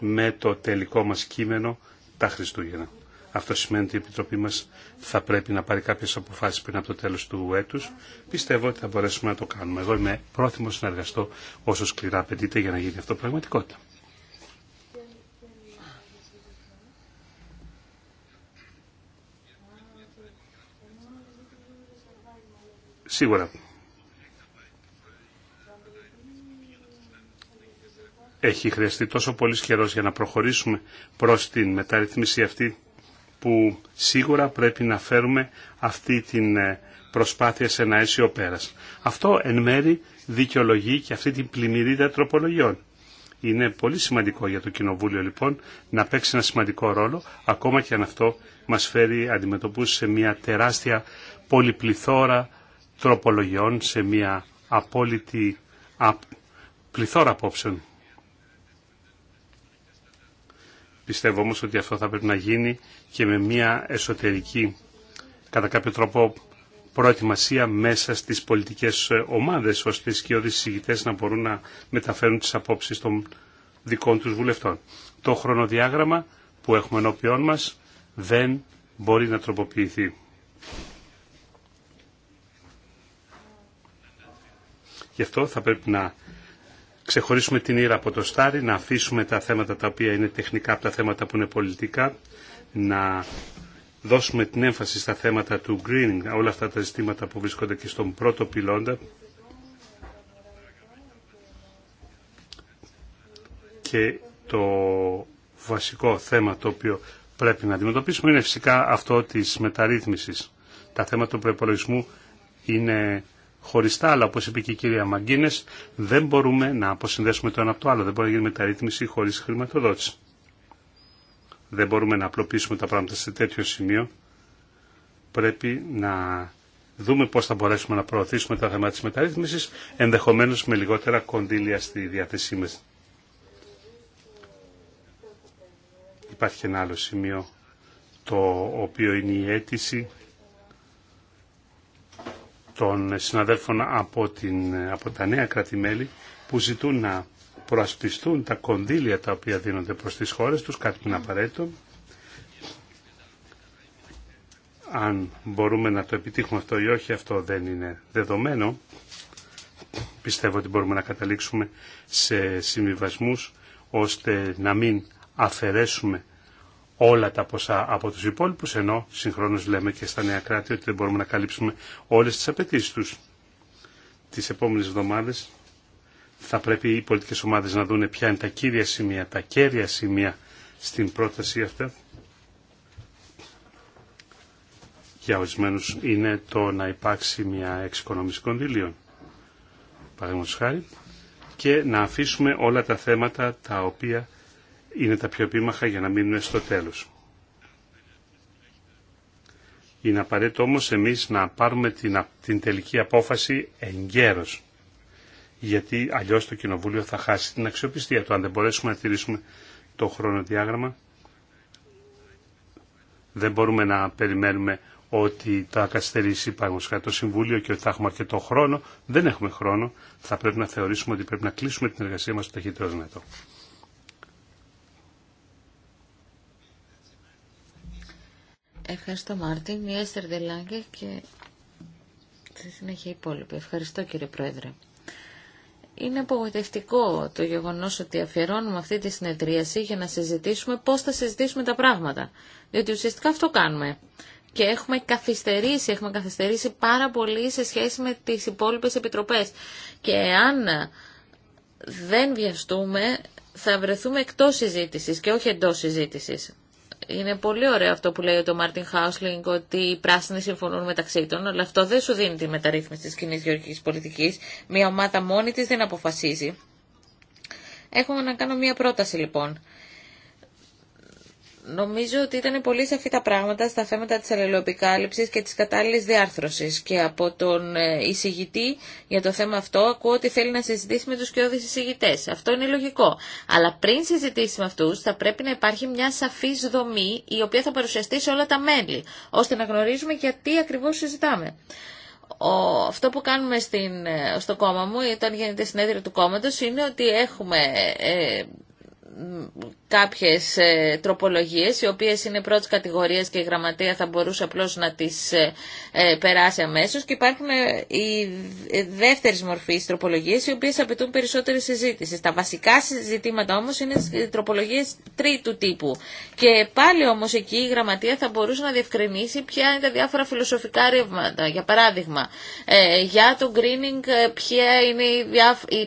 με το τελικό μας κείμενο τα Χριστούγεννα. Αυτό σημαίνει ότι η Επιτροπή μας θα πρέπει να πάρει κάποιες αποφάσεις πριν από το τέλος του έτους. Πιστεύω ότι θα μπορέσουμε να το κάνουμε. Εγώ είμαι πρόθυμος να εργαστώ όσο σκληρά απαιτείται για να γίνει αυτό πραγματικότητα. Σίγουρα. Έχει χρειαστεί τόσο πολύ καιρό για να προχωρήσουμε προς την μεταρρύθμιση αυτή που σίγουρα πρέπει να φέρουμε αυτή την ε, προσπάθεια σε ένα αίσιο πέρας. Αυτό εν μέρη δικαιολογεί και αυτή την πλημμυρίδα τροπολογιών. Είναι πολύ σημαντικό για το Κοινοβούλιο λοιπόν να παίξει ένα σημαντικό ρόλο, ακόμα και αν αυτό μας φέρει αντιμετωπούς σε μια τεράστια πολυπληθώρα τροπολογιών, σε μια απόλυτη πληθώρα απόψεων. Πιστεύω όμως ότι αυτό θα πρέπει να γίνει και με μια εσωτερική, κατά κάποιο τρόπο, προετοιμασία μέσα στις πολιτικές ομάδες, ώστε οι σκιώδεις συζητητές να μπορούν να μεταφέρουν τις απόψεις των δικών τους βουλευτών. Το χρονοδιάγραμμα που έχουμε ενώπιόν μας δεν μπορεί να τροποποιηθεί. Γι' αυτό θα πρέπει να ξεχωρίσουμε την ήρα από το στάρι, να αφήσουμε τα θέματα τα οποία είναι τεχνικά από τα θέματα που είναι πολιτικά, να δώσουμε την έμφαση στα θέματα του greening, όλα αυτά τα ζητήματα που βρίσκονται και στον πρώτο πυλώντα. Και το βασικό θέμα το οποίο πρέπει να αντιμετωπίσουμε είναι φυσικά αυτό της μεταρρύθμισης. Τα θέματα του προπολογισμού είναι χωριστά, αλλά όπως είπε και η κυρία Μαγκίνες, δεν μπορούμε να αποσυνδέσουμε το ένα από το άλλο. Δεν μπορεί να γίνει μεταρρύθμιση χωρίς χρηματοδότηση. Δεν μπορούμε να απλοποιήσουμε τα πράγματα σε τέτοιο σημείο. Πρέπει να δούμε πώς θα μπορέσουμε να προωθήσουμε τα θέματα της μεταρρύθμισης, ενδεχομένως με λιγότερα κονδύλια στη διάθεσή μας. Υπάρχει ένα άλλο σημείο, το οποίο είναι η αίτηση των συναδέλφων από, την, από τα νέα κρατημέλη που ζητούν να προασπιστούν τα κονδύλια τα οποία δίνονται προς τις χώρες τους, κάτι που είναι απαραίτητο. Αν μπορούμε να το επιτύχουμε αυτό ή όχι, αυτό δεν είναι δεδομένο. Πιστεύω ότι μπορούμε να καταλήξουμε σε συμβιβασμούς ώστε να μην αφαιρέσουμε όλα τα ποσά από τους υπόλοιπους, ενώ συγχρόνως λέμε και στα νέα κράτη ότι δεν μπορούμε να καλύψουμε όλες τις απαιτήσει τους. Τις επόμενες εβδομάδες θα πρέπει οι πολιτικές ομάδες να δούνε ποια είναι τα κύρια σημεία, τα κέρια σημεία στην πρόταση αυτή. Για ορισμένου είναι το να υπάρξει μια εξοικονομήση κονδυλίων. Παραδείγματος χάρη. Και να αφήσουμε όλα τα θέματα τα οποία είναι τα πιο επίμαχα για να μείνουν στο τέλος. Είναι απαραίτητο όμως εμείς να πάρουμε την, την τελική απόφαση εγκαίρως. Γιατί αλλιώς το Κοινοβούλιο θα χάσει την αξιοπιστία του. Αν δεν μπορέσουμε να τηρήσουμε το χρονοδιάγραμμα, δεν μπορούμε να περιμένουμε ότι θα καθυστερήσει παραγωγικά το Συμβούλιο και ότι θα έχουμε αρκετό χρόνο. Δεν έχουμε χρόνο. Θα πρέπει να θεωρήσουμε ότι πρέπει να κλείσουμε την εργασία μας το ταχύτερο δυνατό.
Ευχαριστώ Μάρτιν, η Έστερ και στη συνέχεια οι υπόλοιποι. Ευχαριστώ κύριε Πρόεδρε. Είναι απογοητευτικό το γεγονός ότι αφιερώνουμε αυτή τη συνεδρίαση για να συζητήσουμε πώς θα συζητήσουμε τα πράγματα. Διότι ουσιαστικά αυτό κάνουμε. Και έχουμε καθυστερήσει, έχουμε καθυστερήσει πάρα πολύ σε σχέση με τις υπόλοιπες επιτροπές. Και εάν δεν βιαστούμε θα βρεθούμε εκτός συζήτησης και όχι εντός συζήτησης. Είναι πολύ ωραίο αυτό που λέει ο Μάρτιν Χάουσλινγκ ότι οι πράσινοι συμφωνούν μεταξύ των, αλλά αυτό δεν σου δίνει τη μεταρρύθμιση της κοινή γεωργική πολιτική. Μια ομάδα μόνη τη δεν αποφασίζει. Έχω να κάνω μια πρόταση λοιπόν. Νομίζω ότι ήταν πολύ σαφή τα πράγματα στα θέματα της αλληλοεπικάλυψης και της κατάλληλης διάρθρωσης και από τον ε, εισηγητή για το θέμα αυτό ακούω ότι θέλει να συζητήσει με τους κοιόδης εισηγητές. Αυτό είναι λογικό. Αλλά πριν συζητήσει με αυτούς θα πρέπει να υπάρχει μια σαφής δομή η οποία θα παρουσιαστεί σε όλα τα μέλη ώστε να γνωρίζουμε γιατί ακριβώς συζητάμε. αυτό που κάνουμε στην, ε, στο κόμμα μου, όταν γίνεται συνέδριο του κόμματος, είναι ότι έχουμε ε, κάποιες ε, τροπολογίες οι οποίες είναι πρώτη κατηγορίες και η γραμματεία θα μπορούσε απλώς να τις ε, ε, περάσει αμέσως και υπάρχουν οι δεύτερες μορφής τροπολογίες οι οποίες απαιτούν περισσότερη συζήτηση. Τα βασικά συζητήματα όμως είναι τροπολογίες τρίτου τύπου και πάλι όμως εκεί η γραμματεία θα μπορούσε να διευκρινίσει ποια είναι τα διάφορα φιλοσοφικά ρεύματα. Για παράδειγμα, για το greening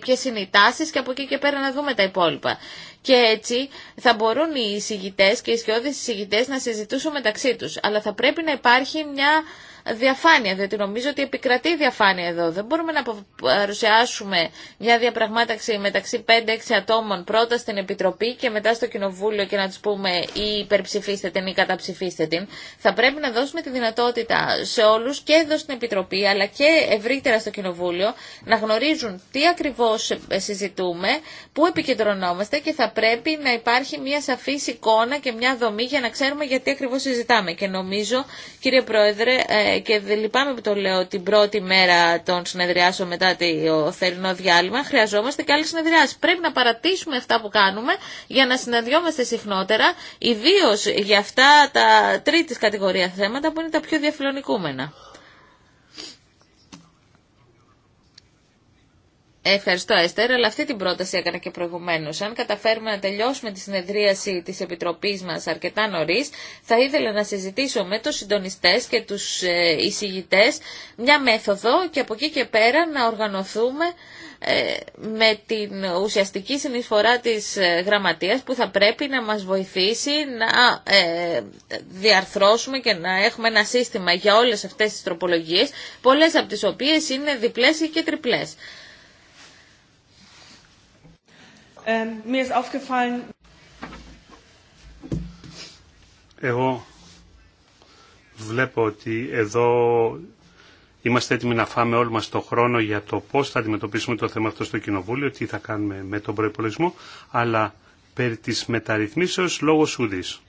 ποιες είναι οι τάσεις και από εκεί και πέρα να δούμε τα υπόλοιπα. Και έτσι θα μπορούν οι εισηγητέ και οι σκιώδει εισηγητέ να συζητούσουν μεταξύ του. Αλλά θα πρέπει να υπάρχει μια διαφάνεια, διότι νομίζω ότι επικρατεί διαφάνεια εδώ. Δεν μπορούμε να παρουσιάσουμε μια διαπραγμάταξη μεταξύ 5-6 ατόμων πρώτα στην Επιτροπή και μετά στο Κοινοβούλιο και να του πούμε ή υπερψηφίστε την ή καταψηφίστε την. Θα πρέπει να δώσουμε τη δυνατότητα σε όλου και εδώ στην Επιτροπή αλλά και ευρύτερα στο Κοινοβούλιο να γνωρίζουν τι ακριβώ συζητούμε, πού επικεντρωνόμαστε και θα πρέπει να υπάρχει μια σαφή εικόνα και μια δομή για να ξέρουμε γιατί ακριβώ συζητάμε. Και νομίζω, κύριε Πρόεδρε, ε, και λυπάμαι που το λέω την πρώτη μέρα των συνεδριάσεων μετά το θερινό διάλειμμα, χρειαζόμαστε και άλλε συνεδριάσει. Πρέπει να παρατήσουμε αυτά που κάνουμε για να συναντιόμαστε συχνότερα, ιδίω για αυτά τα τρίτη κατηγορία θέματα που είναι τα πιο διαφιλονικούμενα. Ευχαριστώ, Έστερ, αλλά αυτή την πρόταση έκανα και προηγουμένω. Αν καταφέρουμε να τελειώσουμε τη συνεδρίαση τη Επιτροπή μα αρκετά νωρί, θα ήθελα να συζητήσω με του συντονιστέ και του ε, εισηγητέ μια μέθοδο και από εκεί και πέρα να οργανωθούμε ε, με την ουσιαστική συνεισφορά της ε, γραμματείας που θα πρέπει να μας βοηθήσει να διαρθρώσουμε και να έχουμε ένα σύστημα για όλες αυτές τις τροπολογίες, πολλές από τις οποίες είναι διπλές ή και τριπλές.
Ähm,
Εγώ βλέπω ότι εδώ είμαστε έτοιμοι να φάμε όλοι μας το χρόνο για το πώς θα αντιμετωπίσουμε το θέμα αυτό στο Κοινοβούλιο, τι θα κάνουμε με τον προϋπολογισμό, αλλά περί της μεταρρυθμίσεως λόγος ουδής.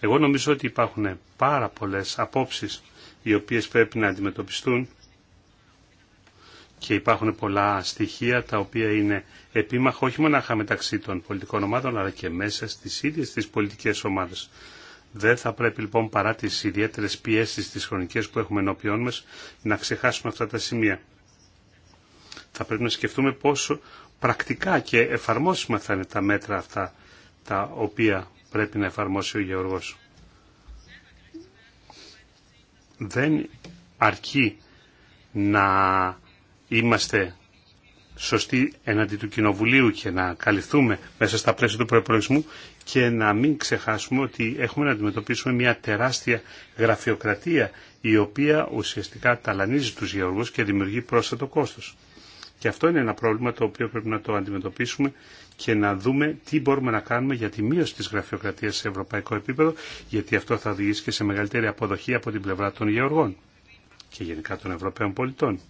Εγώ νομίζω ότι υπάρχουν πάρα πολλές απόψεις οι οποίες πρέπει να αντιμετωπιστούν και υπάρχουν πολλά στοιχεία τα οποία είναι επίμαχα όχι μονάχα μεταξύ των πολιτικών ομάδων αλλά και μέσα στις ίδιες τις πολιτικές ομάδες. Δεν θα πρέπει λοιπόν παρά τις ιδιαίτερες πιέσεις τις χρονικές που έχουμε ενώπιόν μας να ξεχάσουμε αυτά τα σημεία. Θα πρέπει να σκεφτούμε πόσο πρακτικά και εφαρμόσιμα θα είναι τα μέτρα αυτά τα οποία πρέπει να εφαρμόσει ο Γεωργός. Δεν αρκεί να είμαστε σωστοί εναντί του Κοινοβουλίου και να καλυφθούμε μέσα στα πλαίσια του προπολογισμού και να μην ξεχάσουμε ότι έχουμε να αντιμετωπίσουμε μια τεράστια γραφειοκρατία η οποία ουσιαστικά ταλανίζει τους γεωργούς και δημιουργεί πρόσθετο κόστος. Και αυτό είναι ένα πρόβλημα το οποίο πρέπει να το αντιμετωπίσουμε και να δούμε τι μπορούμε να κάνουμε για τη μείωση της γραφειοκρατίας σε ευρωπαϊκό επίπεδο, γιατί αυτό θα οδηγήσει και σε μεγαλύτερη αποδοχή από την πλευρά των γεωργών και γενικά των Ευρωπαίων πολιτών.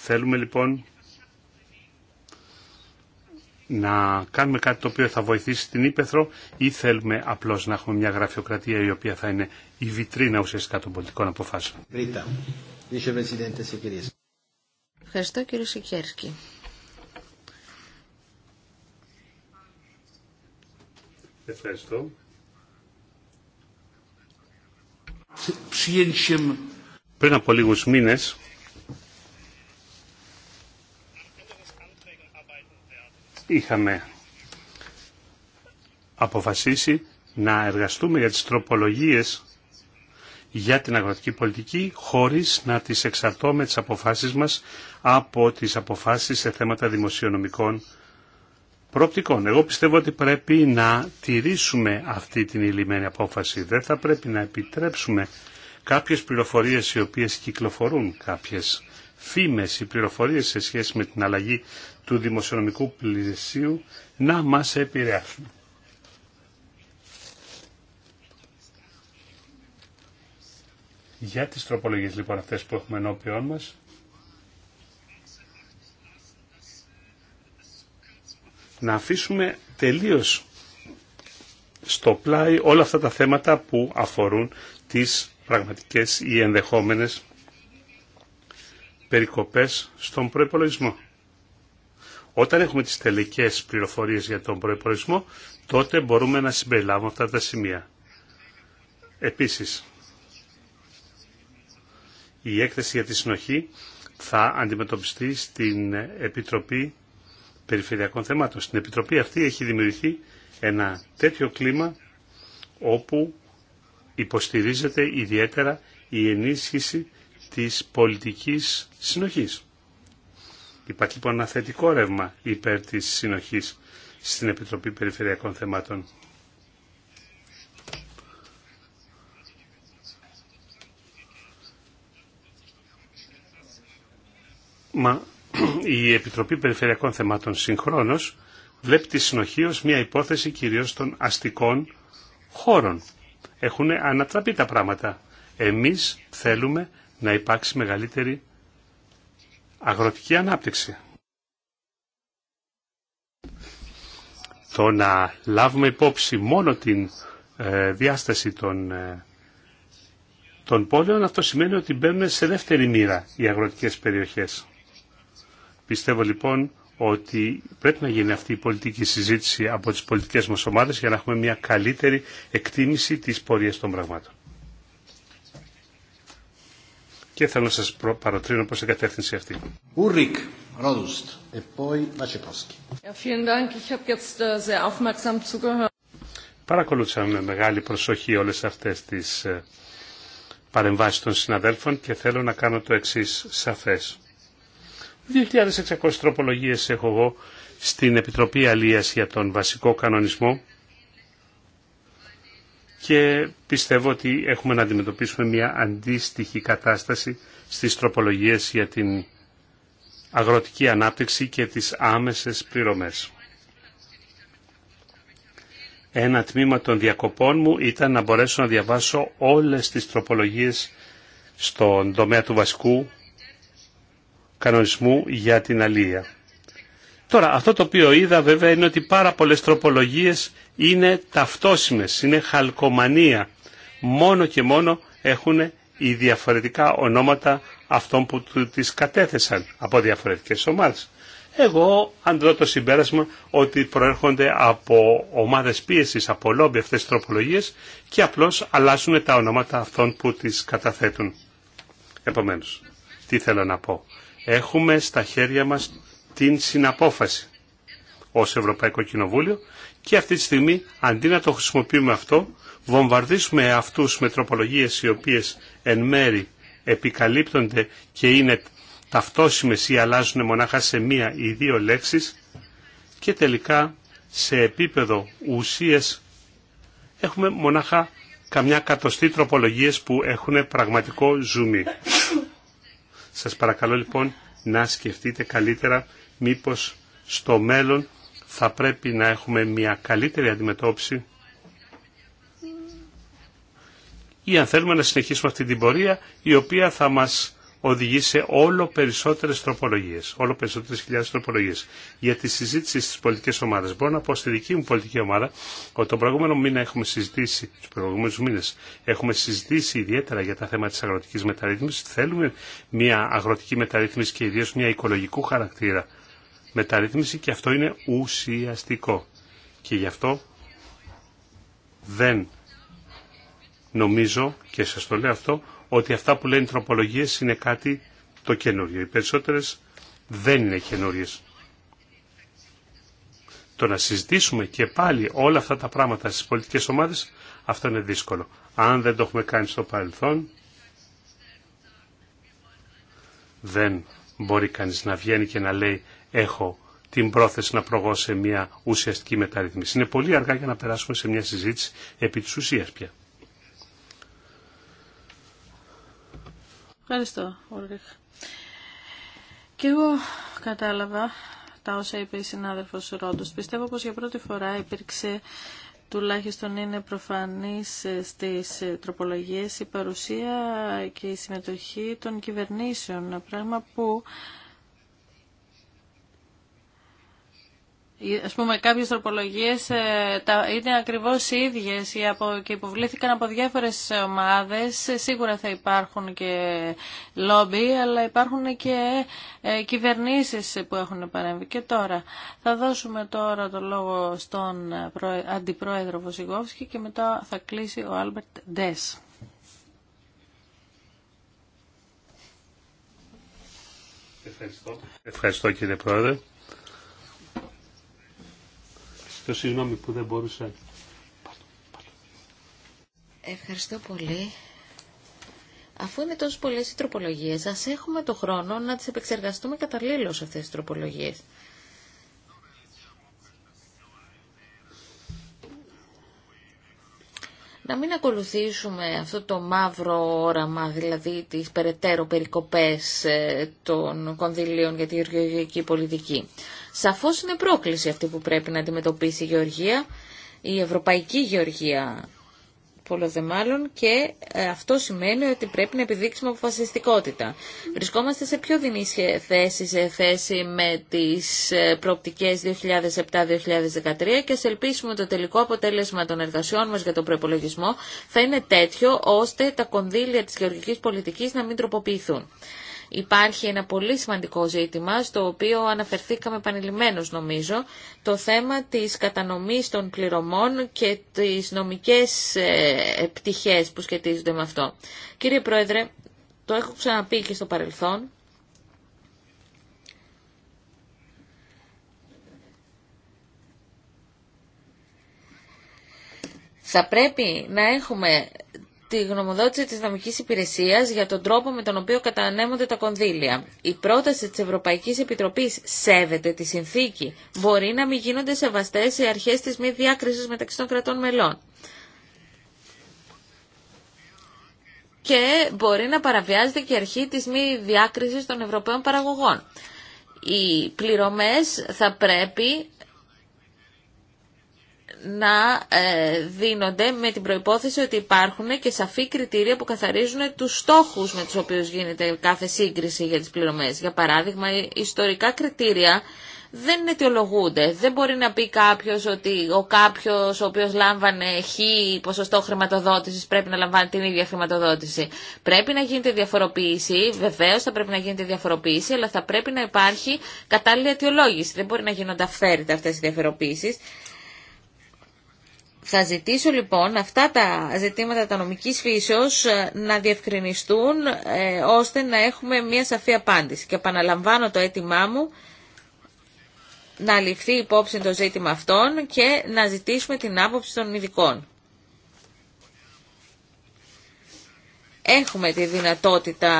Θέλουμε λοιπόν να κάνουμε κάτι το οποίο θα βοηθήσει την Ήπεθρο ή θέλουμε απλώς να έχουμε μια γραφειοκρατία η οποία θα είναι η βιτρίνα ουσιαστικά των πολιτικών αποφάσεων.
Ευχαριστώ κύριε Σικέρσκι.
Ευχαριστώ. Πριν από λίγους μήνες είχαμε αποφασίσει να εργαστούμε για τις τροπολογίες για την αγροτική πολιτική χωρίς να τις εξαρτώμε τις αποφάσεις μας από τις αποφάσεις σε θέματα δημοσιονομικών προοπτικών. Εγώ πιστεύω ότι πρέπει να τηρήσουμε αυτή την ηλυμένη απόφαση. Δεν θα πρέπει να επιτρέψουμε κάποιες πληροφορίες οι οποίες κυκλοφορούν, κάποιες φήμες, ή πληροφορίες σε σχέση με την αλλαγή του δημοσιονομικού πλησίου να μας επηρεάσουν. Για τις τροπολογίες λοιπόν αυτές που έχουμε ενώπιόν μας, να αφήσουμε τελείως στο πλάι όλα αυτά τα θέματα που αφορούν τις πραγματικές ή ενδεχόμενες περικοπές στον προϋπολογισμό. Όταν έχουμε τις τελικές πληροφορίες για τον προϋπολογισμό, τότε μπορούμε να συμπεριλάβουμε αυτά τα σημεία. Επίσης, η έκθεση για τη συνοχή θα αντιμετωπιστεί στην Επιτροπή Περιφερειακών Θεμάτων. Στην Επιτροπή αυτή έχει δημιουργηθεί ένα τέτοιο κλίμα όπου υποστηρίζεται ιδιαίτερα η ενίσχυση της πολιτικής συνοχής. Υπάρχει λοιπόν ένα θετικό ρεύμα υπέρ της συνοχής στην Επιτροπή Περιφερειακών Θεμάτων. Μα η Επιτροπή Περιφερειακών Θεμάτων συγχρόνως βλέπει τη συνοχή ως μια υπόθεση κυρίως των αστικών χώρων. Έχουν ανατραπεί τα πράγματα. Εμείς θέλουμε να υπάρξει μεγαλύτερη αγροτική ανάπτυξη. Το να λάβουμε υπόψη μόνο την ε, διάσταση των, ε, των πόλεων, αυτό σημαίνει ότι μπαίνουν σε δεύτερη μοίρα οι αγροτικές περιοχές. Πιστεύω λοιπόν ότι πρέπει να γίνει αυτή η πολιτική συζήτηση από τις πολιτικές μας ομάδες για να έχουμε μια καλύτερη εκτίμηση της πορείας των πραγμάτων και θέλω να σας παροτρύνω προς την κατεύθυνση αυτή. Ουρικ, Ρόδουστ, äh, Παρακολούθησα με μεγάλη προσοχή όλες αυτές τις ε, παρεμβάσεις των συναδέλφων και θέλω να κάνω το εξής σαφές. 2.600 τροπολογίες έχω εγώ στην Επιτροπή Αλίας για τον βασικό κανονισμό και πιστεύω ότι έχουμε να αντιμετωπίσουμε μια αντίστοιχη κατάσταση στις τροπολογίες για την αγροτική ανάπτυξη και τις άμεσες πληρωμές. Ένα τμήμα των διακοπών μου ήταν να μπορέσω να διαβάσω όλες τις τροπολογίες στον τομέα του βασικού κανονισμού για την αλία. Τώρα, αυτό το οποίο είδα βέβαια είναι ότι πάρα πολλές τροπολογίες είναι ταυτόσιμες, είναι χαλκομανία. Μόνο και μόνο έχουν οι διαφορετικά ονόματα αυτών που τις κατέθεσαν από διαφορετικές ομάδες. Εγώ αντρώ το συμπέρασμα ότι προέρχονται από ομάδες πίεσης, από λόμπι αυτές τις τροπολογίες και απλώς αλλάζουν τα ονόματα αυτών που τις καταθέτουν. Επομένως, τι θέλω να πω. Έχουμε στα χέρια μας την συναπόφαση ως Ευρωπαϊκό Κοινοβούλιο και αυτή τη στιγμή αντί να το χρησιμοποιούμε αυτό βομβαρδίσουμε αυτούς με τροπολογίες οι οποίες εν μέρη επικαλύπτονται και είναι ταυτόσιμες ή αλλάζουν μονάχα σε μία ή δύο λέξεις και τελικά σε επίπεδο ουσίες έχουμε μονάχα καμιά κατοστή τροπολογίες που έχουν πραγματικό ζουμί. Σας παρακαλώ λοιπόν να σκεφτείτε καλύτερα μήπως στο μέλλον θα πρέπει να έχουμε μια καλύτερη αντιμετώπιση ή αν θέλουμε να συνεχίσουμε αυτή την πορεία η οποία θα μας οδηγήσει σε όλο περισσότερες τροπολογίες, όλο περισσότερες χιλιάδες τροπολογίες. Για τη συζήτηση στις πολιτικές ομάδες μπορώ να πω στη δική μου πολιτική ομάδα ότι τον προηγούμενο μήνα έχουμε συζητήσει, τους προηγούμενους μήνες έχουμε συζητήσει ιδιαίτερα για τα θέματα της αγροτικής μεταρρύθμισης. Θέλουμε μια αγροτική μεταρρύθμιση και ιδίως μια οικολογικού χαρακτήρα μεταρρύθμιση και αυτό είναι ουσιαστικό. Και γι' αυτό δεν νομίζω και σας το λέω αυτό ότι αυτά που λένε οι τροπολογίες είναι κάτι το καινούριο. Οι περισσότερες δεν είναι καινούριες. Το να συζητήσουμε και πάλι όλα αυτά τα πράγματα στις πολιτικές ομάδες, αυτό είναι δύσκολο. Αν δεν το έχουμε κάνει στο παρελθόν, δεν μπορεί κανείς να βγαίνει και να λέει έχω την πρόθεση να προβώ σε μια ουσιαστική μεταρρύθμιση. Είναι πολύ αργά για να περάσουμε σε μια συζήτηση επί της ουσίας πια.
Ευχαριστώ, Και εγώ κατάλαβα τα όσα είπε η συνάδελφος Ρόντος. Πιστεύω πως για πρώτη φορά υπήρξε τουλάχιστον είναι προφανής ε, στις ε, τροπολογίες η παρουσία και η συμμετοχή των κυβερνήσεων, πράγμα που Ε, ας πούμε κάποιες τροπολογίες ε, τα, είναι ακριβώς οι ίδιες απο, και υποβλήθηκαν από διάφορες ομάδες. Ε, σίγουρα θα υπάρχουν και λόμπι, αλλά υπάρχουν και ε, κυβερνήσεις που έχουν παρέμβει. Και τώρα θα δώσουμε τώρα το λόγο στον Αντιπρόεδρο Βοσιγόφσκι και μετά θα κλείσει ο Άλμπερτ Ντες.
Ευχαριστώ. Ευχαριστώ κύριε Πρόεδρε. Το συγγνώμη που δεν μπορούσα.
Ευχαριστώ πολύ. Αφού είναι τόσε πολλές οι τροπολογίε, ας έχουμε το χρόνο να τις επεξεργαστούμε καταλήλω αυτές τι τροπολογίε. να μην ακολουθήσουμε αυτό το μαύρο όραμα, δηλαδή τις περαιτέρω περικοπές ε, των κονδυλίων για τη γεωργική πολιτική. Σαφώς είναι πρόκληση αυτή που πρέπει να αντιμετωπίσει η Γεωργία, η Ευρωπαϊκή Γεωργία και ε, αυτό σημαίνει ότι πρέπει να επιδείξουμε αποφασιστικότητα. Βρισκόμαστε σε πιο δινή θέση σε θέση με τις ε, προοπτικές 2007-2013 και σε ελπίσουμε το τελικό αποτέλεσμα των εργασιών μας για τον προπολογισμό θα είναι τέτοιο ώστε τα κονδύλια της γεωργικής πολιτικής να μην τροποποιηθούν υπάρχει ένα πολύ σημαντικό ζήτημα, στο οποίο αναφερθήκαμε επανειλημμένως νομίζω, το θέμα της κατανομής των πληρωμών και τις νομικές ε, πτυχές που σχετίζονται με αυτό. Κύριε Πρόεδρε, το έχω ξαναπεί και στο παρελθόν, θα πρέπει να έχουμε τη γνωμοδότηση της νομικής υπηρεσίας για τον τρόπο με τον οποίο κατανέμονται τα κονδύλια. Η πρόταση της Ευρωπαϊκής Επιτροπής σέβεται τη συνθήκη. Μπορεί να μην γίνονται σεβαστές οι αρχές της μη διάκρισης μεταξύ των κρατών μελών. Και μπορεί να παραβιάζεται και η αρχή της μη διάκρισης των Ευρωπαίων παραγωγών. Οι πληρωμές θα πρέπει να ε, δίνονται με την προϋπόθεση ότι υπάρχουν και σαφή κριτήρια που καθαρίζουν τους στόχους με τους οποίους γίνεται κάθε σύγκριση για τις πληρωμές. Για παράδειγμα, ιστορικά κριτήρια δεν αιτιολογούνται. Δεν μπορεί να πει κάποιος ότι ο κάποιος ο οποίος λάμβανε χ ποσοστό χρηματοδότησης πρέπει να λαμβάνει την ίδια χρηματοδότηση. Πρέπει να γίνεται διαφοροποίηση, βεβαίω θα πρέπει να γίνεται διαφοροποίηση, αλλά θα πρέπει να υπάρχει κατάλληλη αιτιολόγηση. Δεν μπορεί να γίνονται αυθαίρετα αυτέ οι διαφοροποίησει. Θα ζητήσω λοιπόν αυτά τα ζητήματα τα νομικής φύσεως ε, να διευκρινιστούν ε, ώστε να έχουμε μια σαφή απάντηση. Και επαναλαμβάνω το αίτημά μου να ληφθεί υπόψη το ζήτημα αυτών και να ζητήσουμε την άποψη των ειδικών. Έχουμε τη δυνατότητα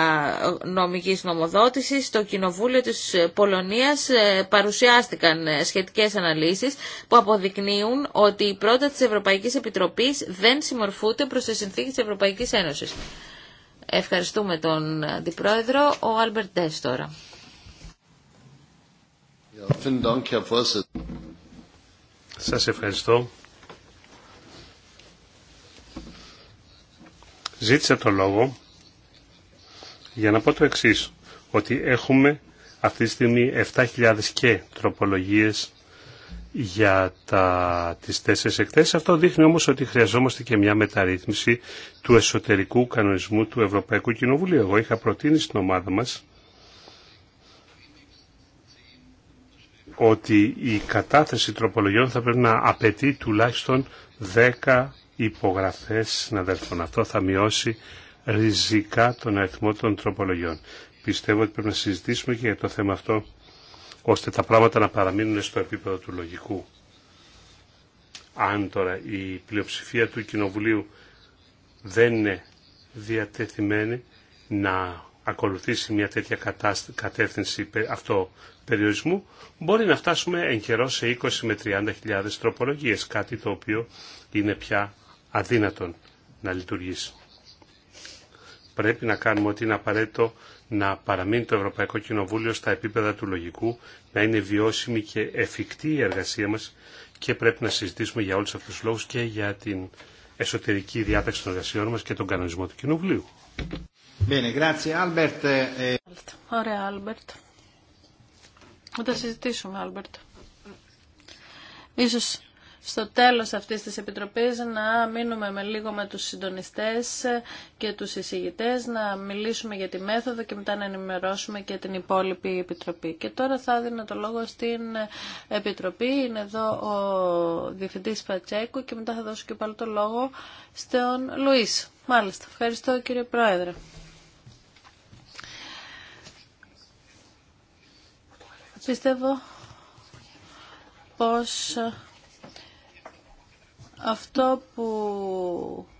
νομικής νομοδότησης. Στο Κοινοβούλιο της Πολωνίας ε, παρουσιάστηκαν ε, σχετικές αναλύσεις που αποδεικνύουν ότι η πρόταση της Ευρωπαϊκής Επιτροπής δεν συμμορφούνται προς τις συνθήκες της Ευρωπαϊκής Ένωσης. Ευχαριστούμε τον Αντιπρόεδρο, ο Άλμπερτ τώρα.
Σας ευχαριστώ. Ζήτησα το λόγο για να πω το εξή ότι έχουμε αυτή τη στιγμή 7.000 και τροπολογίες για τα, τις τέσσερις εκθέσεις. Αυτό δείχνει όμως ότι χρειαζόμαστε και μια μεταρρύθμιση του εσωτερικού κανονισμού του Ευρωπαϊκού Κοινοβουλίου. Εγώ είχα προτείνει στην ομάδα μας ότι η κατάθεση τροπολογιών θα πρέπει να απαιτεί τουλάχιστον 10 υπογραφές συναδέλφων. Αυτό θα μειώσει ριζικά τον αριθμό των τροπολογιών. Πιστεύω ότι πρέπει να συζητήσουμε και για το θέμα αυτό, ώστε τα πράγματα να παραμείνουν στο επίπεδο του λογικού. Αν τώρα η πλειοψηφία του Κοινοβουλίου δεν είναι διατεθειμένη να ακολουθήσει μια τέτοια κατεύθυνση περιορισμού. μπορεί να φτάσουμε εν καιρό σε 20 με 30 χιλιάδες τροπολογίες, κάτι το οποίο είναι πια αδύνατον να λειτουργήσει. Πρέπει να κάνουμε ότι είναι απαραίτητο να παραμείνει το Ευρωπαϊκό Κοινοβούλιο στα επίπεδα του λογικού, να είναι βιώσιμη και εφικτή η εργασία μας και πρέπει να συζητήσουμε για όλους αυτούς τους λόγους και για την εσωτερική διάταξη των εργασιών μας και τον κανονισμό του Κοινοβουλίου.
Ωραία, Albert. Θα συζητήσουμε, Albert. Ίσως στο τέλος αυτής της Επιτροπής να μείνουμε με λίγο με τους συντονιστές και τους εισηγητές, να μιλήσουμε για τη μέθοδο και μετά να ενημερώσουμε και την υπόλοιπη Επιτροπή. Και τώρα θα δίνω το λόγο στην Επιτροπή. Είναι εδώ ο Διευθυντής Πατσέκου και μετά θα δώσω και πάλι το λόγο στον Λουίς. Μάλιστα. Ευχαριστώ κύριε Πρόεδρε. Πιστεύω πως αυτό που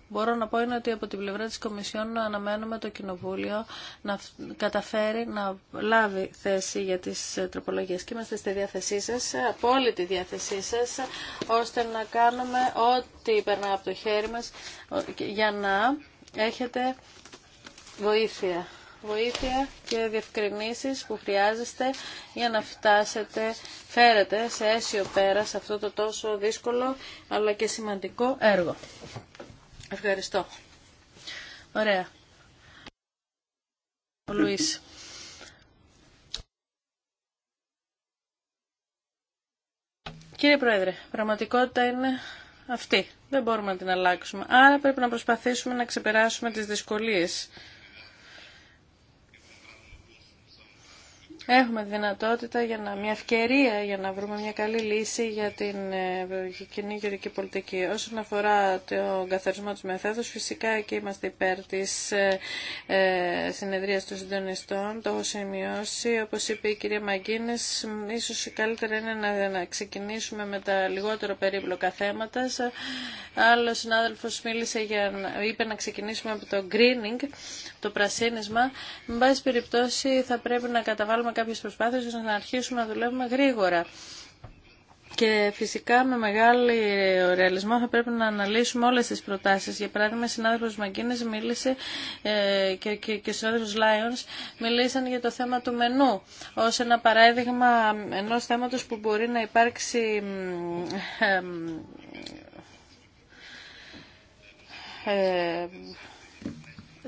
μπορώ να πω είναι ότι από την πλευρά της Κομισιόν αναμένουμε το Κοινοβούλιο να καταφέρει να λάβει θέση για τις ε, τροπολογίες και είμαστε στη διάθεσή σας, απόλυτη διάθεσή σας, ώστε να κάνουμε ό,τι περνά από το χέρι μας για να έχετε βοήθεια βοήθεια και διευκρινήσεις που χρειάζεστε για να φτάσετε, φέρετε σε αίσιο πέρα σε αυτό το τόσο δύσκολο αλλά και σημαντικό έργο. Ευχαριστώ. Ωραία. Ο Λουίς. Κύριε Πρόεδρε, πραγματικότητα είναι αυτή. Δεν μπορούμε να την αλλάξουμε. Άρα πρέπει να προσπαθήσουμε να ξεπεράσουμε τις δυσκολίες. έχουμε δυνατότητα για μια ευκαιρία για να βρούμε μια καλή λύση για την ε, κοινή γεωρική πολιτική. Όσον αφορά τον καθαρισμό της μεθέδους, φυσικά και είμαστε υπέρ της ε, ε, συνεδρίας των συντονιστών. Το έχω σημειώσει. Όπως είπε η κυρία Μαγκίνες, ίσως καλύτερα είναι να, να ξεκινήσουμε με τα λιγότερο περίπλοκα θέματα. Άλλο συνάδελφος μίλησε για, είπε να ξεκινήσουμε από το greening, το πρασίνισμα. Με πάση περιπτώσει θα πρέπει να καταβάλουμε κάποιες προσπάθειες ώστε να αρχίσουμε να δουλεύουμε γρήγορα. Και φυσικά με μεγάλο ρεαλισμό θα πρέπει να αναλύσουμε όλες τις προτάσεις. Για παράδειγμα, ο συνάδελφος Μαγκίνης μίλησε ε, και, και, και ο συνάδελφος Λάιονς μιλήσαν για το θέμα του μενού ως ένα παράδειγμα ενός θέματος που μπορεί να υπάρξει ε, ε,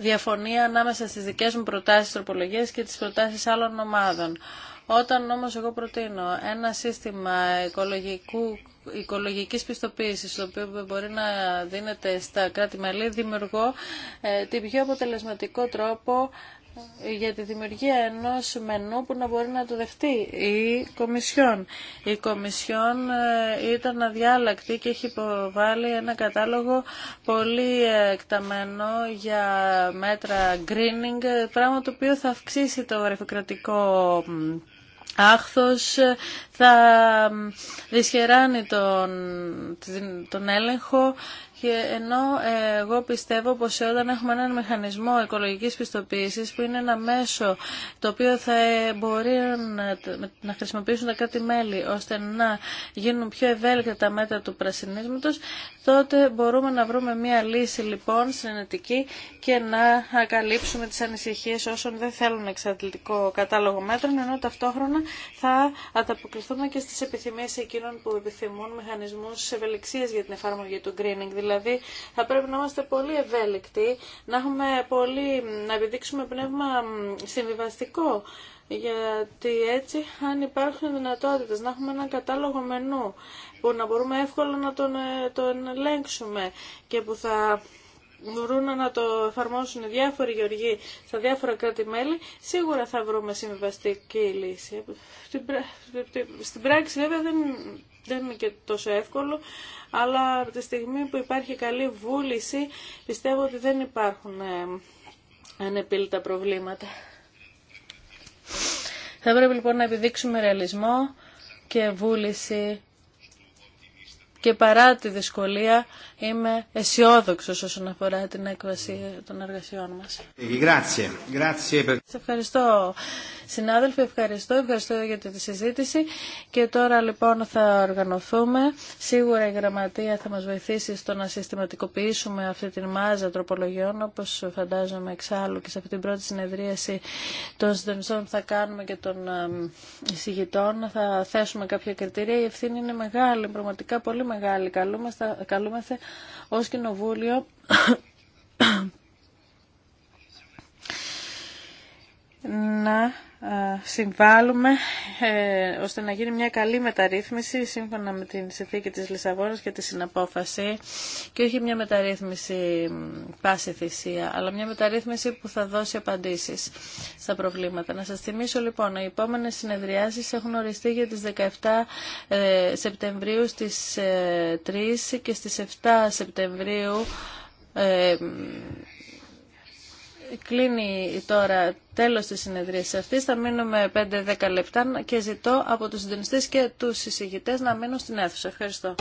διαφωνία ανάμεσα στις δικές μου προτάσεις τροπολογίας και τις προτάσεις άλλων ομάδων. Όταν όμως εγώ προτείνω ένα σύστημα οικολογικού, οικολογικής πιστοποίησης το οποίο μπορεί να δίνεται στα κράτη-μελή, δημιουργώ ε, την πιο αποτελεσματικό τρόπο για τη δημιουργία ενός μενού που να μπορεί να το δεχτεί η Κομισιόν. Η Κομισιόν ε, ήταν αδιάλακτη και έχει υποβάλει ένα κατάλογο πολύ εκταμένο για μέτρα greening, πράγμα το οποίο θα αυξήσει το γραφειοκρατικό άχθος θα δυσχεράνει τον, τον έλεγχο και ενώ εγώ πιστεύω πως όταν έχουμε έναν μηχανισμό οικολογικής πιστοποίησης που είναι ένα μέσο το οποίο θα μπορεί να χρησιμοποιήσουν τα κάτι μελη ώστε να γίνουν πιο ευέλικτα τα μέτρα του πρασινίσματος, τότε μπορούμε να βρούμε μια λύση λοιπόν συνενετική και να καλύψουμε τις ανησυχίες όσων δεν θέλουν εξαντλητικό κατάλογο μέτρων, ενώ ταυτόχρονα θα ανταποκριθούμε και στις επιθυμίες εκείνων που επιθυμούν μηχανισμούς ευελιξίας για την εφαρμογή του greening, δηλαδή Δηλαδή θα πρέπει να είμαστε πολύ ευέλικτοι, να, έχουμε πολύ, να επιδείξουμε πνεύμα συμβιβαστικό. Γιατί έτσι αν υπάρχουν δυνατότητες να έχουμε ένα κατάλογο μενού που να μπορούμε εύκολα να τον, ε, τον ελέγξουμε και που θα μπορούν να το εφαρμόσουν οι διάφοροι γεωργοί στα διάφορα κράτη-μέλη, σίγουρα θα βρούμε συμβιβαστική λύση. Στην πράξη βέβαια δεν, δεν είναι και τόσο εύκολο, αλλά από τη στιγμή που υπάρχει καλή βούληση πιστεύω ότι δεν υπάρχουν ε, ανεπίλητα προβλήματα. Θα πρέπει λοιπόν να επιδείξουμε ρεαλισμό και βούληση και παρά τη δυσκολία είμαι αισιόδοξο όσον αφορά την έκβαση των εργασιών μας. Σα ευχαριστώ συνάδελφοι, ευχαριστώ, ευχαριστώ για τη συζήτηση και τώρα λοιπόν θα οργανωθούμε. Σίγουρα η γραμματεία θα μας βοηθήσει στο να συστηματικοποιήσουμε αυτή την μάζα τροπολογιών όπως φαντάζομαι εξάλλου και σε αυτή την πρώτη συνεδρίαση των συντονιστών που θα κάνουμε και των εισηγητών θα θέσουμε κάποια κριτήρια. Η ευθύνη είναι μεγάλη, πραγματικά πολύ μεγάλη. Καλούμαστε, ως κοινοβούλιο να ε, συμβάλλουμε ε, ώστε να γίνει μια καλή μεταρρύθμιση σύμφωνα με την συνθήκη της Λισαβόνας και τη συναπόφαση και όχι μια μεταρρύθμιση πάση θυσία, αλλά μια μεταρρύθμιση που θα δώσει απαντήσεις στα προβλήματα. Να σας θυμίσω λοιπόν, οι επόμενες συνεδριάσεις έχουν οριστεί για τις 17 ε, Σεπτεμβρίου στις 3 ε, και στις 7 Σεπτεμβρίου κλείνει τώρα τέλος της συνεδρίας αυτής. Θα μείνουμε 5-10 λεπτά και ζητώ από τους συντονιστές και τους συζητητές να μείνουν στην αίθουσα. Ευχαριστώ.